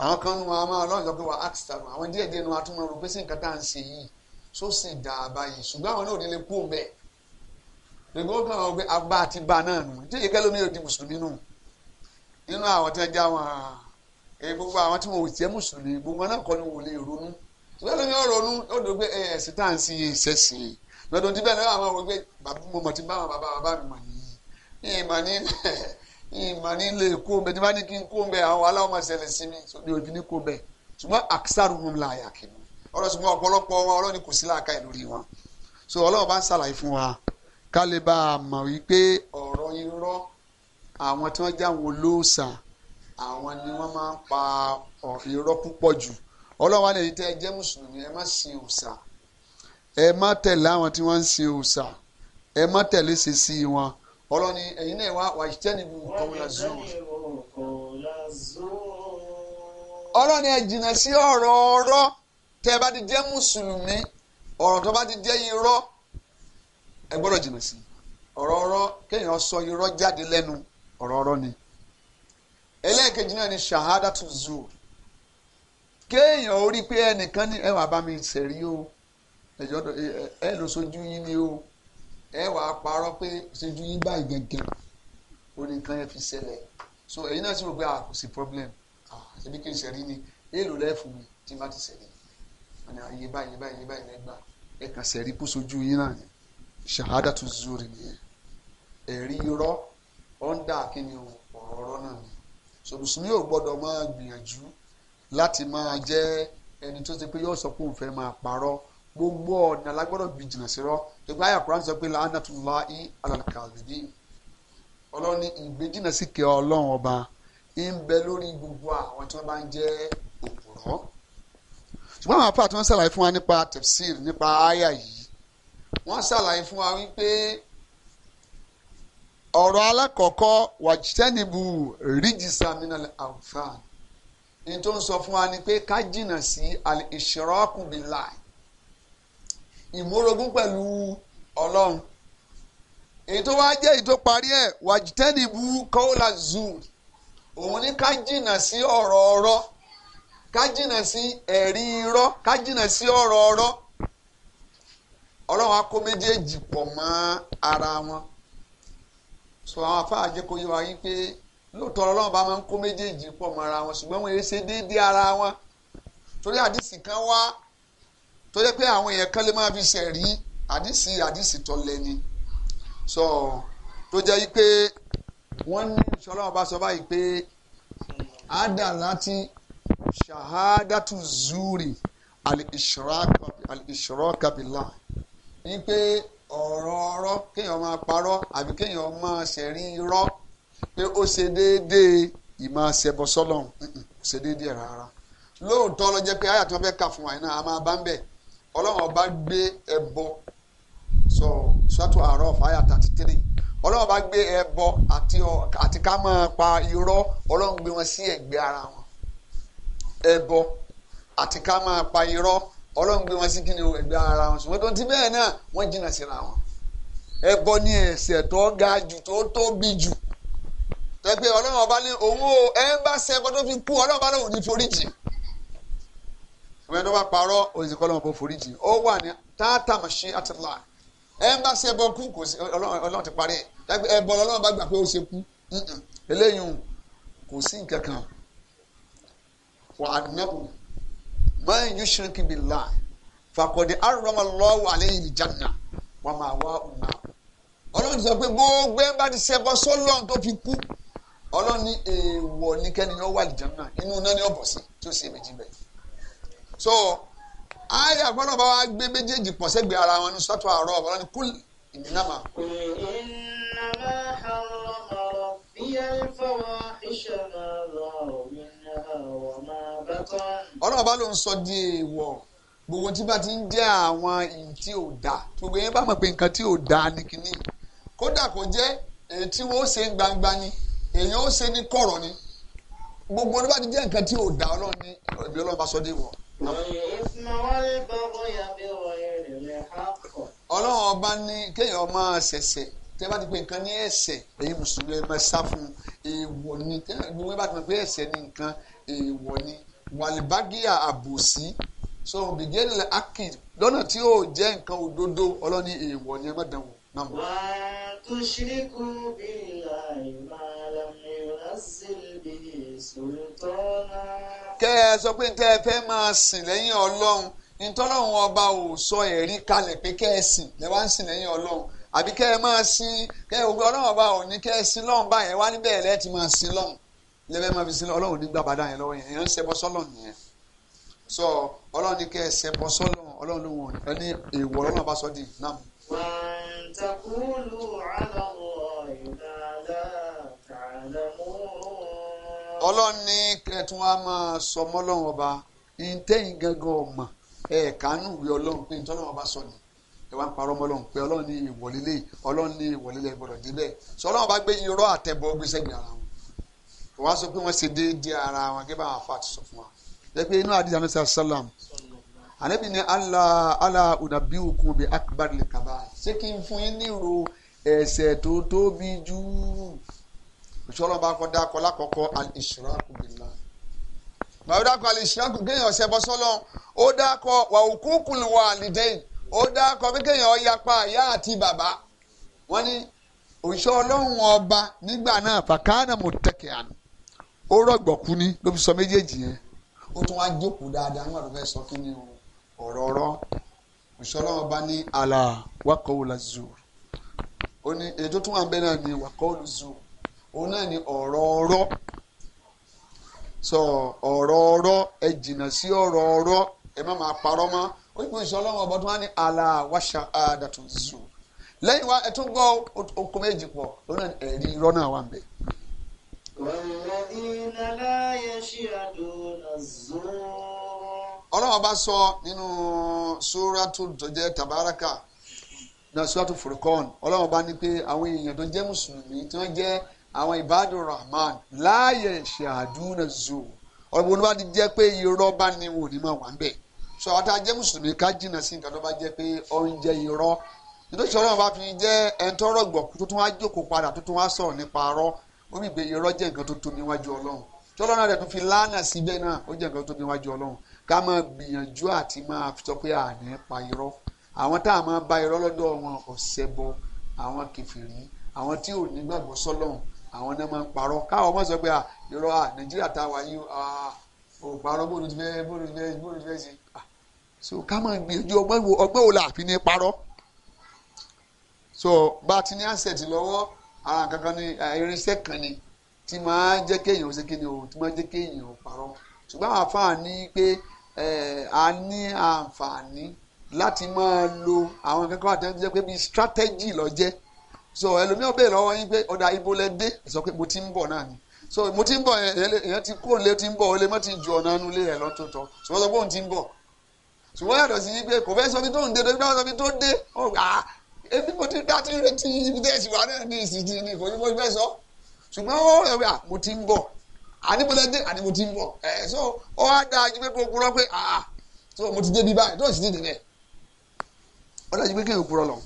àwọn kan wọn a máa ọlọ́run sọ pé wà á ti sàrùn àwọn díẹ̀ díẹ̀ nu atúmọ̀ rò pé sí nǹkan tá à ń ṣe yìí só sì dà á báyìí ṣùgbọ́n àwọn náà ò ní lè kú òun bẹ́ẹ̀ gbogbo ó kàn wọ́n pé abá àti bá náà nù tí èyí kẹ́lómi ò di mùsùlùmí nù nínú àwọn tí wọ́n já wọn eh, gbogbo àwọn tí wọn ò jẹ́ mùsùlùmí gbogbo náà kọ́ ni wò lè ronú ṣùgbọ́n lómi ò ronú ó dò pé eh, ẹ̀sìn tá à ń sin ìṣẹ̀sìn lọ́dún tí bẹ́ẹ̀ náà àwọn wọ ìmọ̀ ní lè kó mbẹ tí bá ní kí n kó mbẹ àwọn wàhálà ọmọ ṣẹlẹ̀ sí mi ní òbí ní kó mbẹ ṣùgbọ́n àkísàrù wọn la yà kí ọlọ́ ṣùgbọ́n ọ̀pọ̀lọpọ̀ wọn ọlọ́ni kò sí làákàyè lórí wọn so ọlọ́run bá ń ṣàlàyé fún wa ká lè bá a mọ̀ wípé ọ̀rọ̀ irọ́ àwọn tí wọ́n já wọn lóòsà àwọn ni wọ́n máa ń pa irọ́ púpọ̀ jù ọlọ́run àlẹ́ yìí tẹ́ ẹ jẹ́ mùsùlùmí ẹ má ọlọ́ni ẹ̀yin náà wá wàjítẹ́nìbù kọ́mọlá zoo ọlọ́ni ẹ jìnnà sí ọ̀rọ̀ ọ̀rọ̀ tẹ́ ẹ bá ti jẹ́ mùsùlùmí ọ̀rọ̀ tó bá ti jẹ́ irọ́ ẹ gbọ́dọ̀ sọ irọ́ jáde lẹ́nu ọ̀rọ̀ ọ̀rọ̀ ni ẹlẹ́ẹ̀kejì náà ni kéèyàn pé ẹnìkan o lọ yín ni o. ẹ wàá parọ́ pé ṣojú yín báyìí gẹ́gẹ́ orí nǹkan yẹn fi ṣẹlẹ̀ so èyí náà sì rò pé ah, kò sí problem ah, ṣebí kí n ṣẹ̀rí ni èèlò rẹ̀ fún mi tí n bá ti ṣẹ̀rí ọ̀nà ah, iye báyìí iye báyìí iye báyìí lẹ́gbàá ẹ kàn ṣẹ̀rí kó ṣojú yín náà ni ṣahada tó zúri nìyẹn ẹ̀rí irọ́ ọ̀ndà kí ni ọ̀rọ̀ ọ̀rọ̀ náà ni sòmùsùnmí ò gbọ́dọ̀ máa gbìyànjú láti máa jẹ́ ẹni tó ti pé yóò sọ pé òun fẹ́ máa parọ́ gbogbo ọ̀nà la gbọ́dọ̀ bí jìnnà sí rọ́ gbogbo àyà kúrán sọ pé làánà tó lọ í alàkàlìdì ọlọ́run ní ìgbéjìnnà sí kẹ́ ọlọ́run ọba ń bẹ lórí gbogbo àwọn tí wọ́n bá ń jẹ́ òpùrọ́ ṣùgbọ́n àwọn apá tí wọ́n ṣàlàyé fún wa nípa tafsir nípa àyà yìí wọ́n ṣàlàyé fún wa wípé ọ̀rọ̀ alákọ̀ọ́kọ́ wàjítẹ́nìbù ríjìsà àwùfáà ní tó ń sọ fún wa ni pé ká jìnnà sí al-ishraku billahi ìmúrogún pẹ̀lú ọlọ́run èyí tó wá jẹ́ èyí tó parí ẹ̀ wàjítẹ́nì bú kọ́ọ̀là zoo òun ní ká jìnnà sí ọ̀rọ̀ ọ̀rọ̀ ká jìnnà sí ẹ̀rí irọ́ ká jìnnà sí ọ̀rọ̀ ọ̀rọ̀ ọlọ́run á kó méjèèjì pọ̀ mọ́ ara wọn so àwọn afáà jẹ́ kó yé wa yín pé lóòótọ́ ọlọ́run bá máa ń kó méjèèjì pọ̀ mọ́ ara wọn ṣùgbọ́n wọn èrè ṣe déédéé ara wọn torí àdìsí kan wá tó yẹ pé àwọn èèyàn kan lè máa fi ṣẹ̀rí àdìsí àdìsí tó lẹ́ni sọ tó jẹ́ yí pé wọ́n ní sọlọ́wọ́n bá sọ báyìí pé ada láti ṣahadatu zuri al-ishraka billah ní pé ọ̀rọ̀ ọ̀rọ̀ kéèyàn máa parọ́ àbí kéèyàn máa ṣẹ̀rí irọ́ pé ó ṣe déédéé ìmáa ṣẹbọ sọ́lọ́run kò ṣe déédéé rárá lóòótọ́ ló jẹ́ pé àyà fẹ́ kà fún wa yìí náà a máa bá ń bẹ̀ ọlọ́run ọba gbé ẹbọ sọ sọ́tò àárọ̀ fáyà thirty three ọlọ́run bá gbé ẹbọ àti ká máa pa irọ́ ọlọ́run gbé wọn sí ẹ̀gbẹ́ ara wọn ẹbọ àti ká máa pa irọ́ ọlọ́run gbé wọn sí kí ni ẹ̀gbẹ́ ara wọn ṣùgbọ́n tó ti bẹ́ẹ̀ náà wọ́n jìnnà síra wọn ẹbọ ní ẹ̀ṣẹ̀ tó ga jù tó tóbi jù tẹ́gbẹ́ ọlọ́run ọba ní òun ò ń bá ṣẹbọ tó fi kú ọlọ́run bá lòun ní foríjì ìwé ẹni tó bá parọ́ òsì kọ́ lọ́wọ́ bó foríjì ó wà ní tààtà màṣẹ àtìlá ẹ ń bá ṣe ẹbọ kú kò sí ọlọ́run ti parí ẹ ẹbọ ọlọ́run bá gbà pé ó ṣe kú eléyìí kò sí nǹkan kan wà á nàbù máa ń yún ṣìrìkì bí là fàkọ̀dé àrùn ọlọ́wọ́ alẹ́ yìí jàǹdà wà máa wá ọ̀nà ọlọ́run ti sọ pé gbogbo ẹ bá ti ṣẹbọ sọ́lọ́run tó fi kú ọlọ́run ní èèwọ̀ ní kẹ́ni yóò wà lìjàǹdà inú náà ni ó sí tí ó ṣe méjì bẹ́ẹ̀ so ayé àgbọ̀dọ̀ bá wa gbé méjèèjì pọ̀ sẹ́gbẹ̀ẹ́ ara wọn ní sọ́tò àárọ̀ ọ̀bọ̀lá ni kúl ìnínàmà. ìnàmà harama rabbiyal fawahisha ma zahara minha wa ma batan. ọlọ́run bá ló ń sọ di èèwọ̀ gbogbo tí bá ti ń jẹ́ àwọn èyí tí ò dáa gbogbo yẹn bá mọ̀ pé nǹkan tí ò dáa ni kódà kò jẹ́ èyí tí wọ́n ó ṣe gbangba ni èyí ó ṣe ní kọ̀rọ̀ ni gbogbo ní bá ti jẹ́ nǹkan tí ò dá ọlọ́run ní ìbí ọlọ́run bá sọ dé wọ̀. ọlọ́run ọba ní kéèyàn máa ṣẹ̀ṣẹ̀ tẹ́ bá ti pè nǹkan ní ẹ̀ṣẹ̀ èyí mùsùlùmí ẹ̀ máa sá fún èèwọ̀ ni gbogbo bá ti pè pé ẹ̀ṣẹ̀ ní nǹkan èèwọ̀ ni wàlìbágíà àbòsí so bìgẹ́lì akin lọ́nà tí ó jẹ́ nǹkan òdodo ọlọ́ni èèwọ̀ ni ẹ má dánwò náà. wàá tó ṣe bí ìlà ìlà. kẹ́ ẹ sọ pé tẹ́ ẹ fẹ́ máa sìn lẹ́yìn ọlọ́run ntọ́lọ́run ọba ò sọ ẹ̀rí kalẹ̀ pé kẹ́ ẹ sìn lẹ́ wá ń sìn lẹ́yìn ọlọ́run àbí kẹ́ ẹ máa sìn kẹ́ ẹ ògbẹ́ ọlọ́run ọba ò ní kẹ́ ẹ sìn lọ́run báyẹn wá níbẹ̀ lẹ́ẹ̀ ti máa sìn lọ́run lẹ́bẹ̀ẹ́ máa fi sìn lọ́run ọlọ́run nígbà bàdá yẹn lọ́wọ́ yẹn èèyàn ń ṣẹbọ sọ́lọ́run yẹn sọ ọlọ́run ní kẹ́ ẹ ṣẹbọ sọ́lọ́run ọlọ́run ní kẹtùn wa máa sọ mọ́lọ́run ọba ìtẹ́yìn gangan ọ̀mà ẹ̀ẹ̀ka nù wí ọlọ́run pé nítorí ọba sọ ni ẹ wá ń parọ́ mọ́lọ́run pé ọlọ́run ní ìwọlélé ọlọ́run ní ìwọlélé gbọ́dọ̀ débẹ̀ sọ ọlọ́run bá gbé irọ́ àtẹ̀bọ̀ gbéṣẹ́gbẹ̀ ara wọn kò wá sọ pé wọ́n ṣe déédé ara wọn gẹ́gẹ́ bá àwọn afa ti sọ fún wa ẹ pé inú àdìsá ní sàlám ànábì ní ala ala unabi okun bi akbar le kaba ṣé kí n fún yín ní ìrò ẹ̀ṣẹ̀ tó tóbi jù ìṣòro bá kọ́ dákọ́ lákọ́kọ́ al-ishraku billah bàbá dákọ́ al-ishraku kéèyàn ọ̀sẹ̀ bọ́ sọ́lọ́ ó dákọ́ wà hukukul walidain ó dákọ́ bí kéèyàn ọ̀yapa ìyá àti bàbá wọ́n ní òṣìṣẹ́ ọlọ́run ọba nígbà náà fàkànà muttaki'an ó rọ̀gbọ̀kú ní ló fi sọ méjèèjì yẹn ó tún wá jókòó dáadáa nígbà fẹ́ sọ kí ni ọ̀rọ̀ ọ̀rọ̀ òṣìṣẹ́ ọlọ́run ọba ní àlà wa qawla ó ní ètò tó wà ń bẹ náà ní wa qawlu òun náà ni ọ̀rọ̀ ọ̀rọ̀ sọ ọ̀rọ̀ ọ̀rọ̀ ẹ jìnnà sí ọ̀rọ̀ ọ̀rọ̀ ẹ má máa parọ́ mọ́ ó yìí kò sọ ọlọ́run ọ̀bọ tó wá ní àlà wáṣà àdàtò zù lẹ́yìn wa ẹ tún gbọ́ okun méjì pọ̀ náà ẹ̀rí sọ nínú sóràtú tó tabaraka náà sóràtú furukọ́ọ̀nù ọlọ́run ọba ní pé àwọn èèyàn tó jẹ́ mùsùlùmí tí àwọn ìbádùn rahman láàyè ṣàdúnà zu ọ̀rọ̀ wọn bá ti jẹ́ pé irọ́ bá ní wò ní máa wà ń bẹ̀ sọ àwọn tá a jẹ́ mùsùlùmí ká jìnnà sí nǹkan tó bá jẹ́ pé oúnjẹ irọ́ nítorí sọ̀rọ̀ wọn bá fi jẹ́ ẹ̀ńtọ́rọ̀ gbọ̀kú tó tún wá jókòó padà tó tún wá sọ̀rọ̀ nípa arọ́ ó mì gbé irọ́ jẹ́ nǹkan tó tóbi wájú ọlọ́run tọ́lọ́ náà rẹ̀ tún fi lánà síbẹ̀ náà ó jẹ́ nǹkan tó tóbi wájú ọlọ́run ká máa gbìyànjú àti máa sọ pé àná pa irọ́ àwọn tá a máa bá irọ́ lọ́dọ̀ wọn ọ̀sẹ̀ bọ àwọn kẹfìrí àwọn tí ò nígbàgbọ́ sọ́lọ́run àwọn náà máa ń parọ́ káwọn ọmọ sọ pé à irọ́ à nàìjíríà tá a wà yìí à ò parọ́ bó ló ti fẹ́ bó ló ti fẹ́ bó ló ti fẹ́ ṣe à so ká máa gbìyànjú ọgbọ́n wo ọgbọ́n wo la fi ní parọ́ so bá a ti ní asset lọ́wọ́ ara kankan ni irinṣẹ́ kan ni tí máa jẹ́ kéèyàn ṣe kéèyàn o tí máa jẹ́ kéèyàn parọ́ ṣùgbọ́n àwọn àǹfààní pé a ní àǹfààní láti máa lo àwọn kankan àtẹ́wọ́n jẹ́ pé bíi strategy ló jẹ́ so ẹlòmíràn bẹ́ẹ̀ lọ́wọ́ yín pé ọ̀dà ibo lẹ dé ẹ sọ pé mo ti ń bọ̀ náà ni so mo ti ń bọ̀ èèyàn ti kó lé ti ń bọ̀ ó lè má ti ju ọ̀nà inú ilé rẹ̀ lọ́tọ̀ọ̀tọ̀ ṣùgbọ́n sọ pé òun ti ń bọ̀ ṣùgbọ́n yàtọ̀ sí pé kò fẹ́ sọ fi tó ń dé tó fẹ́ sọ fi tó dé ó à ebi mo ti dá ti ń retí ibi tẹ́ ìsìnkú àná ní ìsìnkú ní kò ní mo fẹ́ sọ ṣùgbọ́n ó rẹ̀ wá mo ti ń bọ̀ àní mo lẹ́ dé àní mo ti ń bọ̀ ẹ̀ so ó wá dá ajú pé kó kúrọ́ pé à so mo ti dé bí báyìí tó sì ti dé bẹ́ẹ̀ ó dájú pé kéèyàn kúrọ́ lọ́wọ́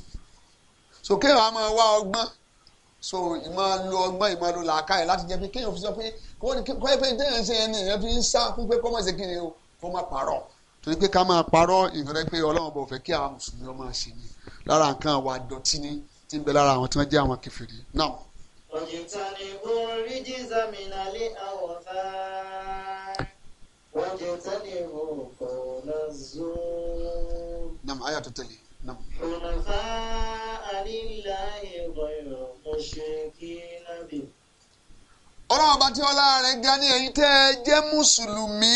so kéèyàn á máa wá ọgbọ́n so ìmọ̀ lo ọgbọ́n ìmọ̀ lo làákàyè láti jẹ́ pé kéèyàn fi sọ pé kọ́ ẹ pé téèyàn ṣe ni èèyàn fi ń sá fún pé kọ́ mọ̀ ṣe kíni o kọ́ mọ̀ parọ́ torí pé ká máa parọ́ nǹkan tó pé Ọlọ́run bò fẹ́ kí àwọn mùsùlùmí ọmọ ṣe ni lára nǹkan wà dọ̀tí ni tí ń bẹ lára àwọn tí wọ́n jẹ́ àwọn kèfèrí náà. واجتنبوا الرجز من الأوثان واجتنبوا قول الزور نعم آية تتلي ọlọ́run ọba tí ọlá rẹ̀ ga ní ẹ̀yin tẹ́ ẹ jẹ́ mùsùlùmí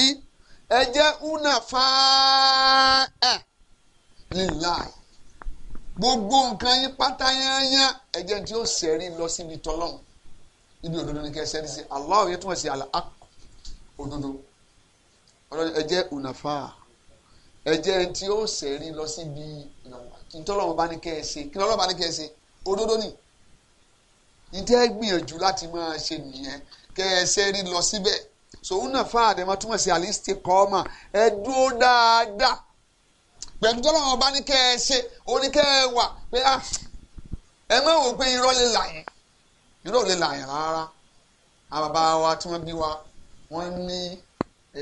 ẹ jẹ́ unafa ẹ̀ líláì gbogbo nǹkan yín pátá yányá ẹ jẹ́ tí ó sẹ́rí lọ síbi tọ́lọ́run ibi òdodo ni kẹ́ ẹ sẹ́rí sí Allah yẹn túmọ̀ sí àlà òdodo ẹ jẹ́ unafa ẹ̀ ẹ̀jẹ̀ tí ó sẹ̀rí lọ síbi ìtọ́lọ́wọ́n bá ní kẹ́ ẹ ṣe kí lọ́lọ́ bá ní kẹ́ ẹ ṣe òdodo ni ìtẹ́ gbìyànjú láti máa ṣe nìyẹn kẹ́ ẹ sẹ́rí lọ síbẹ̀ sòun náà fún àdèmọ́ túmọ̀ sí àlìsí kọ́ ọ́ mà ẹ dúró dáadáa pẹ̀lú tọ́lọ́wọ́n bá ní kẹ́ ẹ ṣe ó ẹ wà pé ah, ẹ má wò pé irọ́ lè là yẹn irọ́ lè là yẹn rárá àwọn wa tí wọ́n bí wa wọ́n ní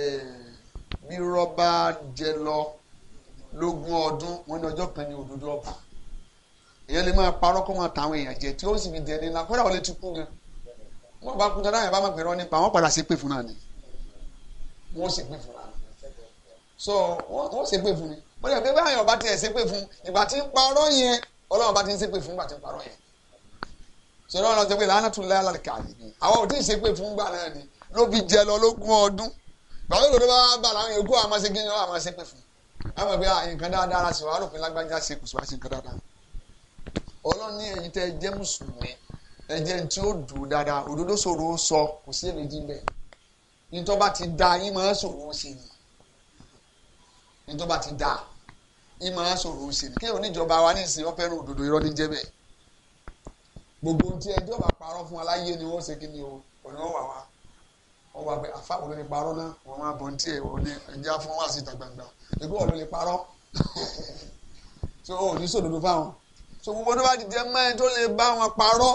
ẹ̀ẹ́ eh, bí rọ́bà jẹ lọ lógún ọdún wọn ní ọjọ́ kan ní òdodo ọba èèyàn lè máa parọ́ kó máa ta àwọn èèyàn jẹ tí ó sì fi dẹni ńlá kódà wọlé ti kú gan wọn bá kú dáadáa yẹn bá máa pẹ̀rọ nípa wọn padà sí pé fún náà ni wọn sì pé fún náà so wọn sì pé fún ni wọn lè pé báyọ̀ bá tiẹ̀ sí pé fún ìgbà tí ń parọ́ yẹn ọlọ́run bá ti ń sí pé fún ìgbà tí ń parọ́ yẹn sọ̀rọ̀ ọ̀nà tó pé làánà tún láyà lálẹ́ kàlí àwọn ò gbàgbé ìròdó bá bá làwọn yòókù àwọn amáṣe gíní àwọn amáṣe pè fún àwọn ọmọ ìgbà nǹkan dáadáa láti wà lópin lágbájá ṣe kò sí wá sí nǹkan dáadáa ọlọ́run ní ẹ̀yin tẹ́ ẹ jẹ́ mùsùlùmí ẹ jẹ́ ní tí ó dùn dáadáa òdodo sòrò sọ kò sí èméjì bẹ́ẹ̀ nítorí bá ti da yín máa sòrò ṣe ni nítorí bá ti da yín máa sòrò ṣe ni kí oníjọba wa ní ìsìn wọn fẹ́ràn òdodo irọ́ ní jẹ́ bẹ́ẹ̀ gbogbo ohun tí ẹjọ́ bá parọ́ fún aláyé ni wọ́n ṣe kí ni o ọ̀nà wà wá ọwọ́ àgbẹ̀ àfa wo ló lè parọ́ náà wọ́n máa bọ̀ ntí ẹ̀ òní ẹ̀já fún wá síta gbangba ẹ̀gbẹ́ wọ́n ló lè parọ́ so ò ní sòdodo fáwọn so gbogbo tó bá ti jẹ́ mẹ́rin tó lè bá wọn parọ́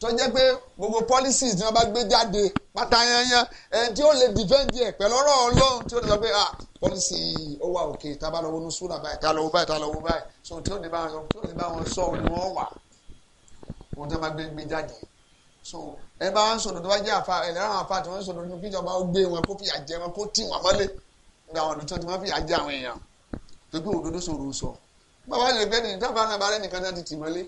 tó jẹ́ pé gbogbo policies ni wọ́n bá gbé jáde pátá yanyan ẹni tí ó lè defend yẹ pẹ̀lú ọ̀rọ̀ ọlọ́run tí ó lè sọ pé ah policy ó wà òkè tá a bá lọ báyìí tá a lọ wọ báyìí tá a lọ wọ báyìí so tí ó lè bá wọn sọ tí ó lè bá wọn sọ ni wọ́n wà wọn tó máa gbé jáde so ẹ bá ń sọ̀rọ̀ tó bá jẹ́ àfa ẹ̀ lẹ́rọ àfa tí wọ́n ń sọ̀rọ̀ nínú kíjọba ó gbé wọn kó fìyà jẹ wọn kó tì wọ́n mọ́lé nígbà wọn tó ti wọ́n fìyà jẹ àwọn èèyàn tó gbé òdodo sọ̀rọ̀ sọ. bàbá lè gbé ní dábàá náà bàrẹ́ nìkan náà ti tì mọ́lé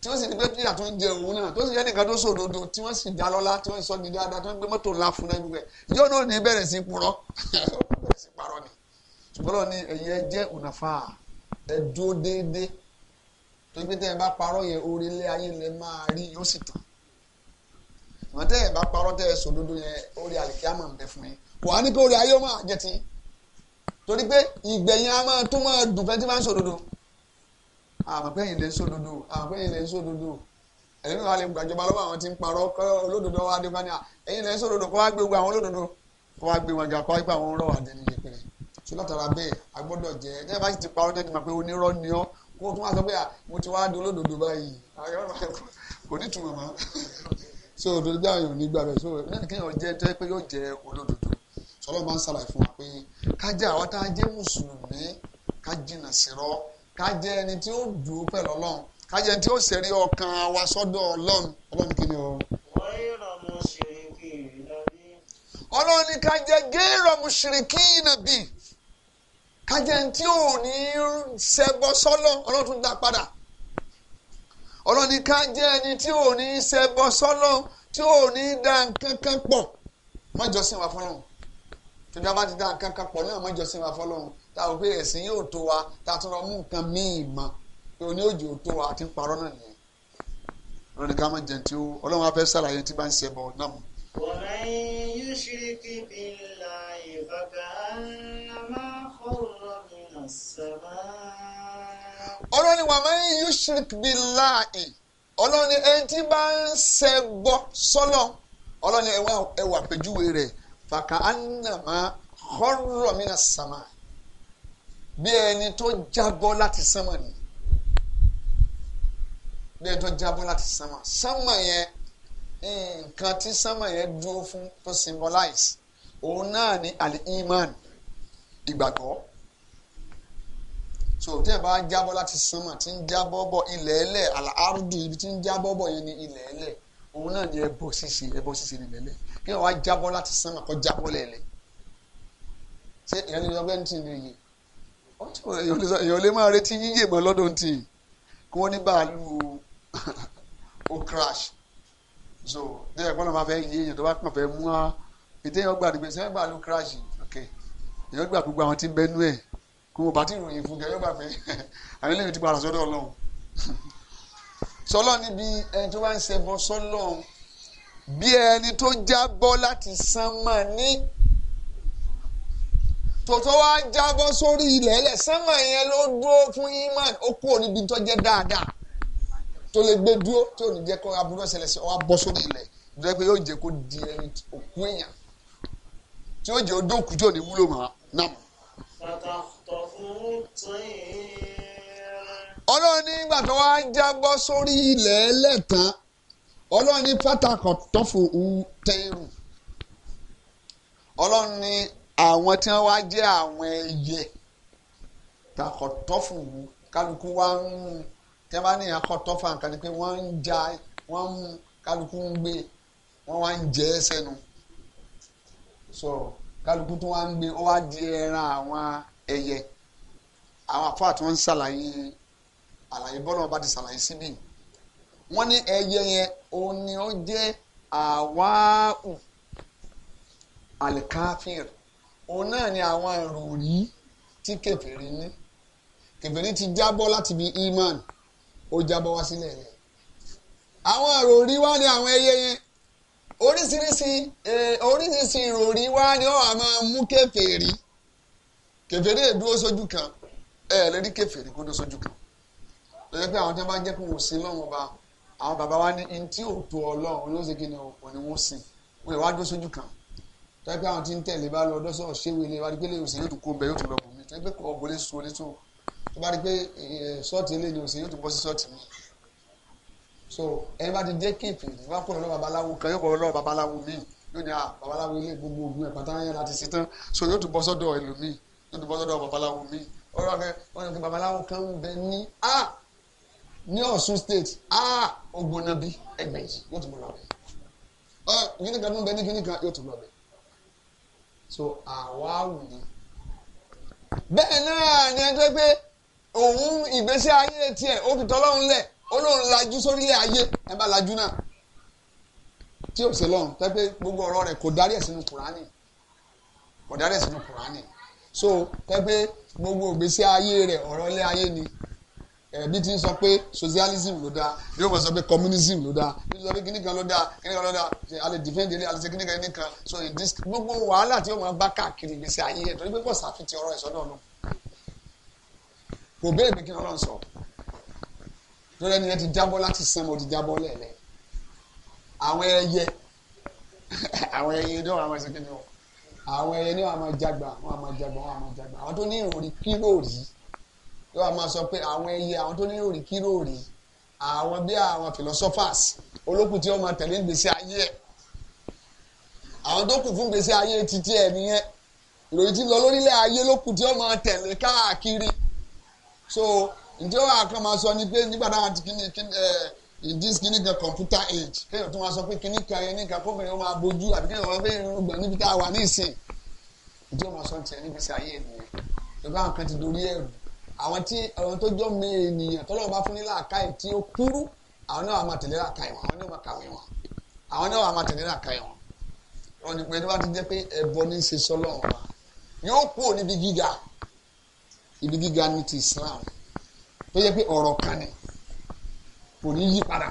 tí wọ́n sì ní pé fìyà tó ń jẹ òun náà tó sì jẹ́ nìkan tó sòdodo tí wọ́n sì dá lọ́lá tí wọ́n sọ di dáadáa tí wọ́n gbé mọ́tò ńlá fún náà gbẹ yóò náà ní bẹ̀rẹ̀ sí purọ́ bẹ̀rẹ̀ sí wọn tẹ ẹ bá parọ́ tẹ ẹ sòdodo yẹn orí àlìkíyàmọ̀ ń bẹ fún yín wọ́n á ní pé orí ayé ó máa jẹ tí torí pé ìgbẹ̀yìn a máa tún máa dùn fẹ́ tí máa ń sòdodo àmọ́ pé ẹ̀yin lè sòdodo àmọ́ pé ẹ̀yin lè sòdodo ẹ̀yin náà lè gbàjọba lọ́wọ́ àwọn tí ń parọ́ kọ́ olódodo wa dé báyà ẹ̀yin lè sòdodo kọ́ wá gbé gbogbo àwọn olódodo kọ́ wá gbé wọn jà kọ́ wá gbé àwọn rọ̀ àdéhùn ni ọ́ kó o tún wá sọ pé mo ti wá di olódodo báyìí ní túmọ̀ so torí bí àyàn nígbà bẹ́ẹ̀ so lẹ́nu kéèyàn jẹ́ tẹ́ pé yóò jẹ́ olódodo sọlọ́ máa ń ṣàlàyé fún wa pé kájà àwa tá a jẹ́ mùsùlùmí ká jìnnà sírọ́ ká jẹ́ ẹni tí ó dùn pẹ̀lú ọlọ́run ká jẹ́ ẹni tí ó ṣẹ̀rí ọkàn wa sọ́dọ̀ ọlọ́run ọlọ́run kí ni o. ọlọ́run ní ká jẹ́ géèrò mùsùlùmí nàbì ká jẹ́ ẹni tí ò ní ṣẹbọ sọ́lọ́ ọlọ́run tún dá padà ọlọ́ni ká jẹ́ ẹni tí ò ní í ṣẹbọ sọ́lọ́ tí ò ní da nǹkan kan pọ̀ má wa fọlọ́run tó dábàá ti da nǹkan kan pọ̀ náà má wa fọlọ́run tá a rò pé ẹ̀sìn yóò tó wa tá a tún lọ mú nǹkan míì mọ́ yóò ní òjò tó wa àti parọ́ náà nìyẹn ọlọ́ni ká má jẹun tí ó ọlọ́run wa fẹ́ sàlàyé tí bá ń ṣẹbọ náà mọ́. ومن يشرك بالله فكأنما خر من ọlọ́ni wà máa ń yushrik billahi ọlọ́ni ẹni tí bá ń ṣẹbọ sọ́lọ̀ ọlọ́ni ẹwà pẹ̀júwe rẹ̀ fàkà ànàmá kharra minas sama bí ẹni tó jábọ́ láti sánmà ni bí ẹni tó jábọ́ láti sánmà sánmà yẹn nǹkan tí sánmà yẹn dúró fún tó symbolize òun náà ni al-iman ìgbàgbọ́ so tí ẹ bá jábọ́ láti sánmà tí ń jábọ́ bọ̀ ilẹ̀ ẹlẹ̀ àrùdù ibi tí ń jábọ́ bọ̀ yẹn ni ilẹ̀ ẹlẹ̀ òun náà ni ẹbọ ṣíṣe ẹbọ ṣíṣe ni ilẹ̀ ẹlẹ̀ kí wọ́n wá jábọ́ láti sánmà kọ́ jábọ́ lẹ̀lẹ̀ ṣé ìyẹn ní ọgbẹ́ni tí ń yè èèyàn lè máa retí yíyè mọ́ lọ́dún tí kí wọ́n ní bàálù ó crash so ní ẹ̀gbọ́n náà máa fẹ́ yé èèyàn tó bá pọ̀ fẹ́ mú a ètè èèyàn gbàdúgbò sẹ́yìn crash ok èèyàn gbà gbogbo àwọn tí ń wọn bá ti ròyìn fún gẹ́gẹ́ gbà pé àwọn eléyìí ti padà sọ́dọ̀ ọlọ́run sọlọ níbi ẹni tó bá ń ṣẹbọ sọlọ bí ẹni tó jábọ́ láti sánmà ní tòótọ́ wá jábọ́ sórí ilẹ̀ ẹlẹ̀ sánmà yẹn ló dúró fún iman ó kúrò níbi tó jẹ́ dáadáa tó lè gbé dúró tí ò ní jẹ́ kó aburú ṣẹlẹ̀ sí wá bọ́ sórí ilẹ̀ jẹ́ pé yóò jẹ́ kó di ẹni òkú èèyàn tí yóò jẹ́ odó òkú tí ò ní wúlò mọ́ náà ọlọ́run nígbà tó wá jábọ́ sórí ilẹ̀ ẹlẹ́tàn ọlọ́run ní pátákó tọ́fù tẹ́rù ọlọ́run ní àwọn tí wọ́n wá jẹ́ àwọn ẹyẹ takọ tọ́fù kálukú wá ń mú tẹ́ bá níyàn kọ́ tọ́fù àǹkan ni pé wọ́n ń ja wọ́n mú kálukú ń gbé wọ́n wá ń jẹ́ sẹ́nu sọ̀rọ̀ kálukú tó wá ń gbé ó wá di ẹran àwọn ẹyẹ àwọn àfáà tí wọ́n ń ṣàlàyé àlàyé bọ́lá ọba ti ṣàlàyé síbí wọ́n ní ẹyẹ yẹn òun ni ó jẹ́ àwáù alikafir òun náà ni àwọn ìròrí tí kẹfìrí ní kẹfìrí ti jábọ́ láti bí iman ó jábọ́ wá sílẹ̀ rẹ̀ àwọn ìròrí wá ní àwọn ẹyẹ yẹn oríṣiríṣi e, oríṣiríṣi ìròrí wá ní ó wà mú kẹfìrí kẹfìrí èdúró sójú kan ẹ lórí kèfèrí kó dó sójú kan lọ́jọ́ pé àwọn tí wọ́n bá jẹ́ pé wọ́n sí lọ́wọ́ bá àwọn bàbá wa ní in tí ò tó ọlọ́run ló ṣe kí ni ò ní wọ́n sìn wọ́n ìwà dó sójú kan tọ́jú pé àwọn tí ń tẹ̀lé bá lọ ọdọ́ sọ̀rọ̀ ṣéwé ilé wa rí pé lè yóò tún kó bẹ yóò tún lọ bùnmi tọ́jú pé kò ọ̀gbọ́n lè so létò tó bá rí pé sọ́ọ̀tì eh, ilé ni òsè yóò tún bọ́ sí sọ́ọ̀tì mi so ẹni bá ti jẹ́ kéèpì wá kó lọ́wọ́ babaláwo kan yóò kó lọ́wọ́ babaláwo míì yóò ní à babaláwo ilé gbogbo ogun ẹ̀ pátá yẹn láti ṣetán so yóò tún bọ́ sọ́dọ̀ ẹlòmíì yóò tún bọ́ sọ́dọ̀ babaláwo míì ọ̀rọ̀ kan wọ́n ní babaláwo kan ń bẹ ní a ní Ọ̀ṣun state a ògbóná bí ẹgbẹ̀jì yóò tún bọ̀ lọ́bẹ̀ ọ gíní kan ń bẹ ní gíní kan yóò tún lọ́bẹ̀ so àwa wù ní. bẹ́ẹ̀ náà ni ẹjọ́ pé òun ìgbésí ayé tiẹ̀ ó fi tọ́lọ́run lẹ̀ ó lóun lajú sórílẹ̀ ayé ẹ bá lajú náà tí ò sí lọ́run tẹ́ pé gbogbo ọ̀rọ̀ rẹ̀ kò darí ẹ̀ sínú kùránì kò darí ẹ̀ sínú kùránì so pẹ́pẹ́ gbogbo ìgbésí ayé rẹ̀ ọ̀rọ̀ ilé ayé ni ẹbí ti ń sọ pé socialism ló dáa yóò máa sọ pé communism ló dáa yóò sọ pé kíní kan ló dáa kíní kan ló dáa a lè defend ilé a lè ṣe kíní kan kíní kan so this gbogbo wàhálà tí yóò máa bá káàkiri ìgbésí ayé ẹ̀ torí pé kò sàfitì ọ̀rọ̀ ìsọdọ̀ náà kò béèrè pé kí ọlọ́run sọ lórí ẹni yẹn ti jábọ́ láti sàn mo ti jábọ́ lẹ́lẹ́ àwọn ẹyẹ àwọn ẹyẹ dọ́wọ́ àwọn ẹsẹ̀ kíni o àwọn ẹyẹ ní wàá máa jágba wàá máa jágba wàá máa jagba àwọn tó ní ìròrí ori yóò wá máa sọ pé àwọn ẹyẹ àwọn tó ní ìròrí ori àwọn bí àwọn philosophers olókùn tí wọ́n máa tẹ̀lé gbèsè ayé àwọn tó kù fún gbèsè ayé títí ẹ̀ nìyẹn ìròyìn ti lọ lórílẹ̀ ayé lókùn tí wọ́n máa tẹ̀lé káàkiri so ǹjẹ́ máa sọ ti kí ni in this kìíní kan computer age kéèyàn tó wá sọ pé kìíní kan ẹni kan kóbìnrin wọn máa bójú àbí kéèyàn wọn bẹ́ẹ̀ gbọ̀n níbi tá a wà ní ìsìn ìdí ọmọ sọ tiẹ̀ níbi sí ayé ènìyàn ìgbà kan ti dorí ẹ̀rù àwọn tí àwọn tó jọ mẹ ènìyàn tọ́lọ́wọ́n bá fún ní làákàyè tí ó kúrú àwọn náà wà máa tẹ̀lé làákàyè wọn àwọn náà máa kàwé wọn àwọn náà wà máa tẹ̀lé làákàyè wọn wọn ni pé tó bá ti jẹ́ pé ẹ̀bọ ní í ṣe sọ́lọ́ wọn yóò kú níbi gíga ibi gíga ní ti Islam tó jẹ́ pé ọ̀rọ̀ kan ni kò ní yí padà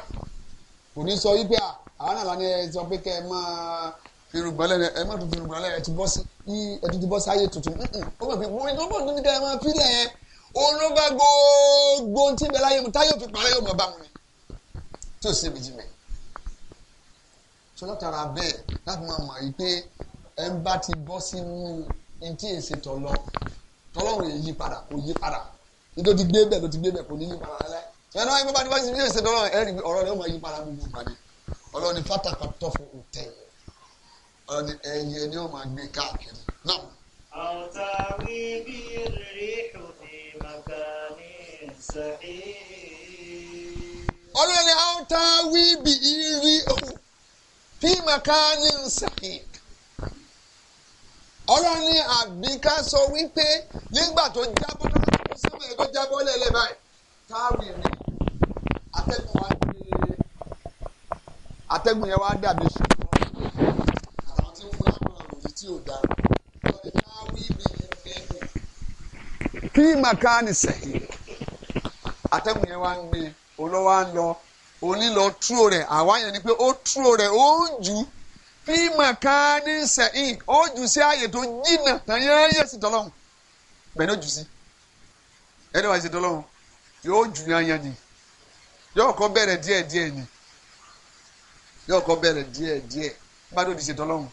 kò ní sọ wípé àwọn náà lánàá ẹ sọ pé kẹ ẹ máa fìrùgbọ́n lẹ́nu ẹ máa tún fìrùgbọ́n lẹ́nu ẹ ti bọ́ sí ẹ tún ti bọ́ sáyé tuntun ó mọ̀ pé wọ́n tó bọ̀ níbi káyọ̀ máa fílẹ̀ ẹ olóba gbogbo tí ń bẹ láyé mu táyọ̀ fi parẹ́ yóò mọ̀ bá wọn ni tí ò sí ibi jìnnà sọlọ́tara bẹ́ẹ̀ láti máa mọ̀ yìí pé ẹ ń bá ti bọ́ sínú ntí èsè tọ̀lọ́ tọ́lọ́run yìí yí padà kò yí padà nítorí gbé bẹ́ẹ̀ ló ti gbé bẹ́ẹ̀ kò ní yí padà lálẹ́ ẹnu wáyé bá nípa ìdílé ìṣẹ̀dọ̀ ọlọ́run ẹ̀rí ọ̀rọ̀ rẹ̀ ó máa yí para gbogbo ìpàdé ọlọ́run ní pátákó tó fún òtẹ́ ọlọ́run ní ẹyẹ ni ó máa gbé káàkiri náà. ọ̀tá wí bí rí òní màkà ní sàí. ọlọ́run ọ̀tá wí bí rí bí màkà ní sàí. ọlọ́run àbíká sọ wípé nígbà tó jábọ́ lọ́wọ́ tó ẹ̀ tó jábọ́ lẹ́lẹ́ báyìí táàwì rìn atẹ́gùn wa ní atẹ́gùn yẹn wá dàbí ṣùgbọ́n àtàwọn tí ń fún láwọn òròyìn tí ò dáa lọ́dẹ táàwì mi ní bẹ́ẹ̀ni. kí màkánì sẹ́yìn atẹ́gùn yẹn wá ń gbé olówó á ń lọ onílọ túrò rẹ̀ àwa yẹn ni pé ó túrò rẹ̀ ó ń jù ú kí màkánì sẹ́yìn ó jù sí ààyè tó jìnnà tán yẹ́n yẹ̀ sí tọ́lọ́hún bẹ́ẹ̀ ni ó jù sí ẹ̀ẹ́dẹ̀ wá sí tọ́lọ́hún yóò jù yanyan ni yóò kọ́ bẹ̀rẹ̀ díẹ̀díẹ̀ ni yóò kọ́ bẹ̀rẹ̀ díẹ̀díẹ̀ bá tó di ṣètò ọlọ́run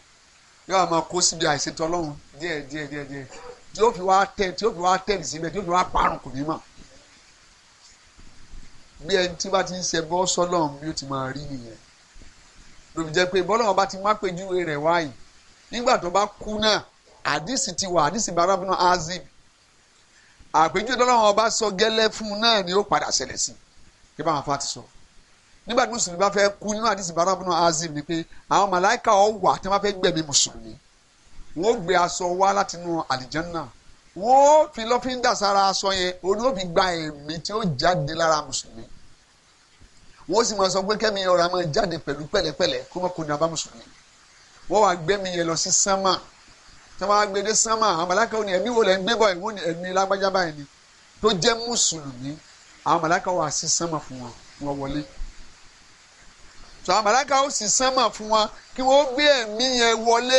yóò máa kó síbi àìṣètò ọlọ́run díẹ̀díẹ̀ díẹ̀díẹ̀ tí ó fi wá tẹ̀ tí ó fi wá tẹ̀ síbẹ̀ tí ó fi wá parun kò ní mọ̀ bí ẹni tí bá ti ń ṣe bọ́ sọ́lọ́run bí ó ti máa rí nìyẹn lóbi jẹ́ pé bọ́lọ́run bá ti má péjúwe rẹ̀ wáyìí nígbà tó bá kú náà àdìsí ti wà àdìsí bàbá fún azib àpèjúwe tọ́lọ́wọ́n ọba sọ gẹ́lẹ́ fún un náà ni ó padà ṣẹlẹ̀ sí kí báwọn afa ti sọ nígbà tí mùsùlùmí bá fẹ́ kú nínú àdìsí barabunu azim ni pé àwọn màláìka ọ̀ wà tí wọ́n fẹ́ gbẹ̀mí mùsùlùmí wọ́n gbé aṣọ wá látinú àlìjánná wọ́n fi lọ́fíńdà sára aṣọ yẹn olóòbí gba ẹ̀mí tí ó jáde lára mùsùlùmí wọ́n sì máa sọ pé kẹ́mi ọ̀rọ̀ àmọ́ jáde pẹ̀lú pẹ̀lẹ́pẹ̀lẹ́ kó mọ̀ kó ní abá mùsùlùmí wọ́n wá gbẹ́mí yẹn lọ sí sánmà tí wọ́n á gbé dé sánmà àwọn màláíkà ní ẹ̀mí wo lẹ́ ń gbé bọ̀ ìwọ́n ní ẹ̀mí lágbájá báyìí ni tó jẹ́ mùsùlùmí àwọn màláíkà wà sí sánmà fún wọn wọ́n wọlé tó àwọn màláíkà ó sì sánmà fún wọn kí wọ́n gbé ẹ̀mí yẹn wọlé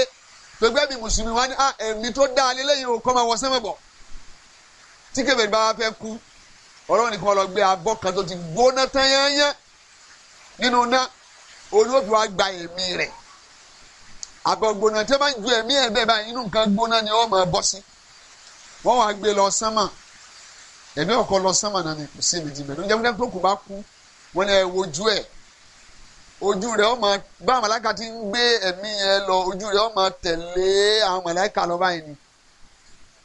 tó gbé bí mùsùlùmí wọn ní ah, ẹ̀mí tó dá alẹ́ lẹ́yìn o máa wọ sánmà bọ̀ tí kébèrè bá wá fẹ́ kú ọlọ́run nìkan lọ gbé abọ́ kan tó ti gbóná tán yányán nínú ná olóògbé wa gba ẹ̀mí rẹ̀ àgọ́gbóná tí wọ́n bá ju ẹ̀mí ẹ̀ bẹ́ẹ̀ báyìí inú nǹkan gbóná ni wọ́n máa bọ́ sí wọ́n wá gbé lọ sánmà ẹ̀mí ọ̀kọ́ lọ sánmà náà ni kò sí èmi jìnbẹ̀ lóúnjẹ fúnjẹ́ tó kù bá kú wọn ni ẹ wojú ẹ̀ ojú rẹ̀ bá ti ń gbé ẹ̀mí yẹn lọ ojú àwọn lọ báyìí ni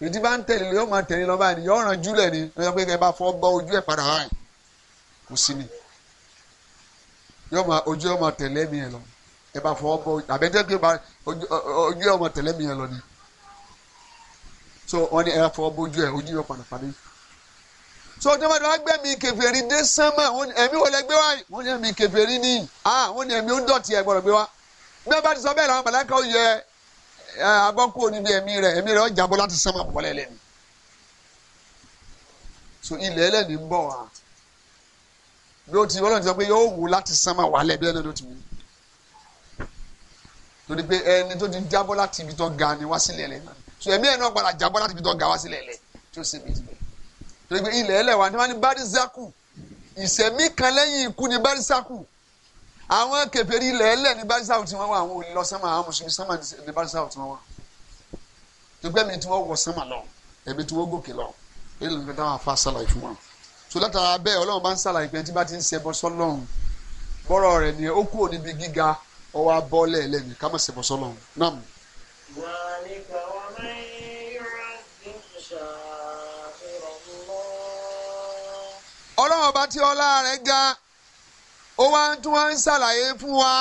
ìdí bá ń tẹ̀lé yóò máa tẹ̀lé lọ báyìí ni yóò ràn ni lọ́jọ́ pé bá ojú padà kò sí ni ẹ bá fọwọ́ bọ àbẹ̀tẹ́ pé ojú ẹ̀ ọmọ tẹ̀lé mi yẹn lọ ni so wọ́n ní ẹ fọwọ́ bójú ẹ̀ ojú ẹ̀ padà pàdé so tẹ́wọ́n wá gbẹ̀mí kèfèrí dé sánmà ẹ̀mí wọlé gbé wa wọ́n ní ẹ̀mí kèfèrí ní ah wọ́n ní ẹ̀mí ó ń dọ̀tí ẹ̀ gbọ́dọ̀ gbé wá bí wọ́n bá ti sọ bẹ́ẹ̀ làwọn màláíkà ó yẹ abọ́kú oníbi ẹ̀mí rẹ̀ ẹ̀mí rẹ̀ ó jábọ́ láti sánmà pọ̀ lẹ́lẹ́ni so ilẹ̀ ẹlẹ́ni ń bọ̀ wá bí ó ti wọ́n lọ́n ti sọ pé yóò wù láti sánmà wálẹ̀ bí ẹni ló ti wù torí pé ẹni tó ti jábọ́ láti ibi tó ga ni wá sílẹ̀ lẹ̀ so ẹ̀mí ẹ̀ náà padà jábọ́ láti ibi tó ga wá sílẹ̀ lẹ̀ tí ó sì bí ibẹ̀ torí pé ilẹ̀ ẹlẹ̀ ni wọ́n ní barisaku ìsẹ̀mí kan lẹ́yìn ikú ni barisaku àwọn kèfèrí ilẹ̀ ẹlẹ̀ ni barisaku tí wọ́n wà àwọn olè lọ àwọn mùsùlùmí sánmà ni barisaku tí wọ́n wà tó gbẹ́ mi tí wọ́n wọ sánmà lọ ẹ̀mí tí wọ́n gòkè lọ èyí ló ń tán àfa sàlàyé fún wa so látara bẹ́ẹ̀ ọlọ́run bá ń sàlàyé pé tí bá ti ń ṣẹbọ sọ́lọ́run bọ́rọ̀ rẹ̀ ni ó kúrò níbi gíga ọwọ́ abọ́lẹ̀ lẹ́nu ká má ṣe bọ́ sọ́lọ́run náà. ọlọ́run ọba tí ọlá rẹ̀ ga ó wá ń tún wá ń ṣàlàyé fún wa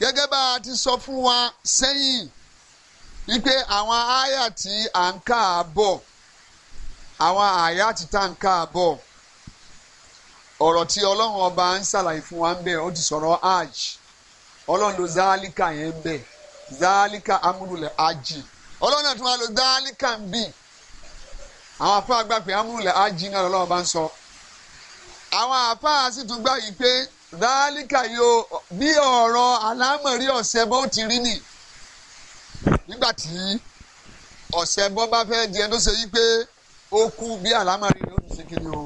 gẹ́gẹ́ bá a ti sọ fún wa sẹ́yìn wípé àwọn àyà tí à ń kà á bọ̀ àwọn àyà tí tá à ń kà á bọ̀ ọ̀rọ̀ tí ọlọ́run ọba ń ṣàlàyé fún wa ń bẹ̀ ó ti sọ̀rọ̀ hajj ọlọ́run lo zálíkà yẹn bẹ̀ zálíkà amúlùlẹ̀ ajì ọlọ́run náà tún wá lo zálíkà ń bì àwọn afá gbà pé amúlùlẹ̀ ajì náà lọ́wọ́ bá ń sọ àwọn afá sì tún gbà yìí pé zálíkà yóò bí ọ̀rọ̀ alámọ̀rí ọ̀sẹ̀ bó ti rí nì nígbà tí ọ̀sẹ̀ bọ́ bá fẹ́ di ẹni tó ṣe yí pé ó kú bí alámọ̀rí ló ti ṣe kiri o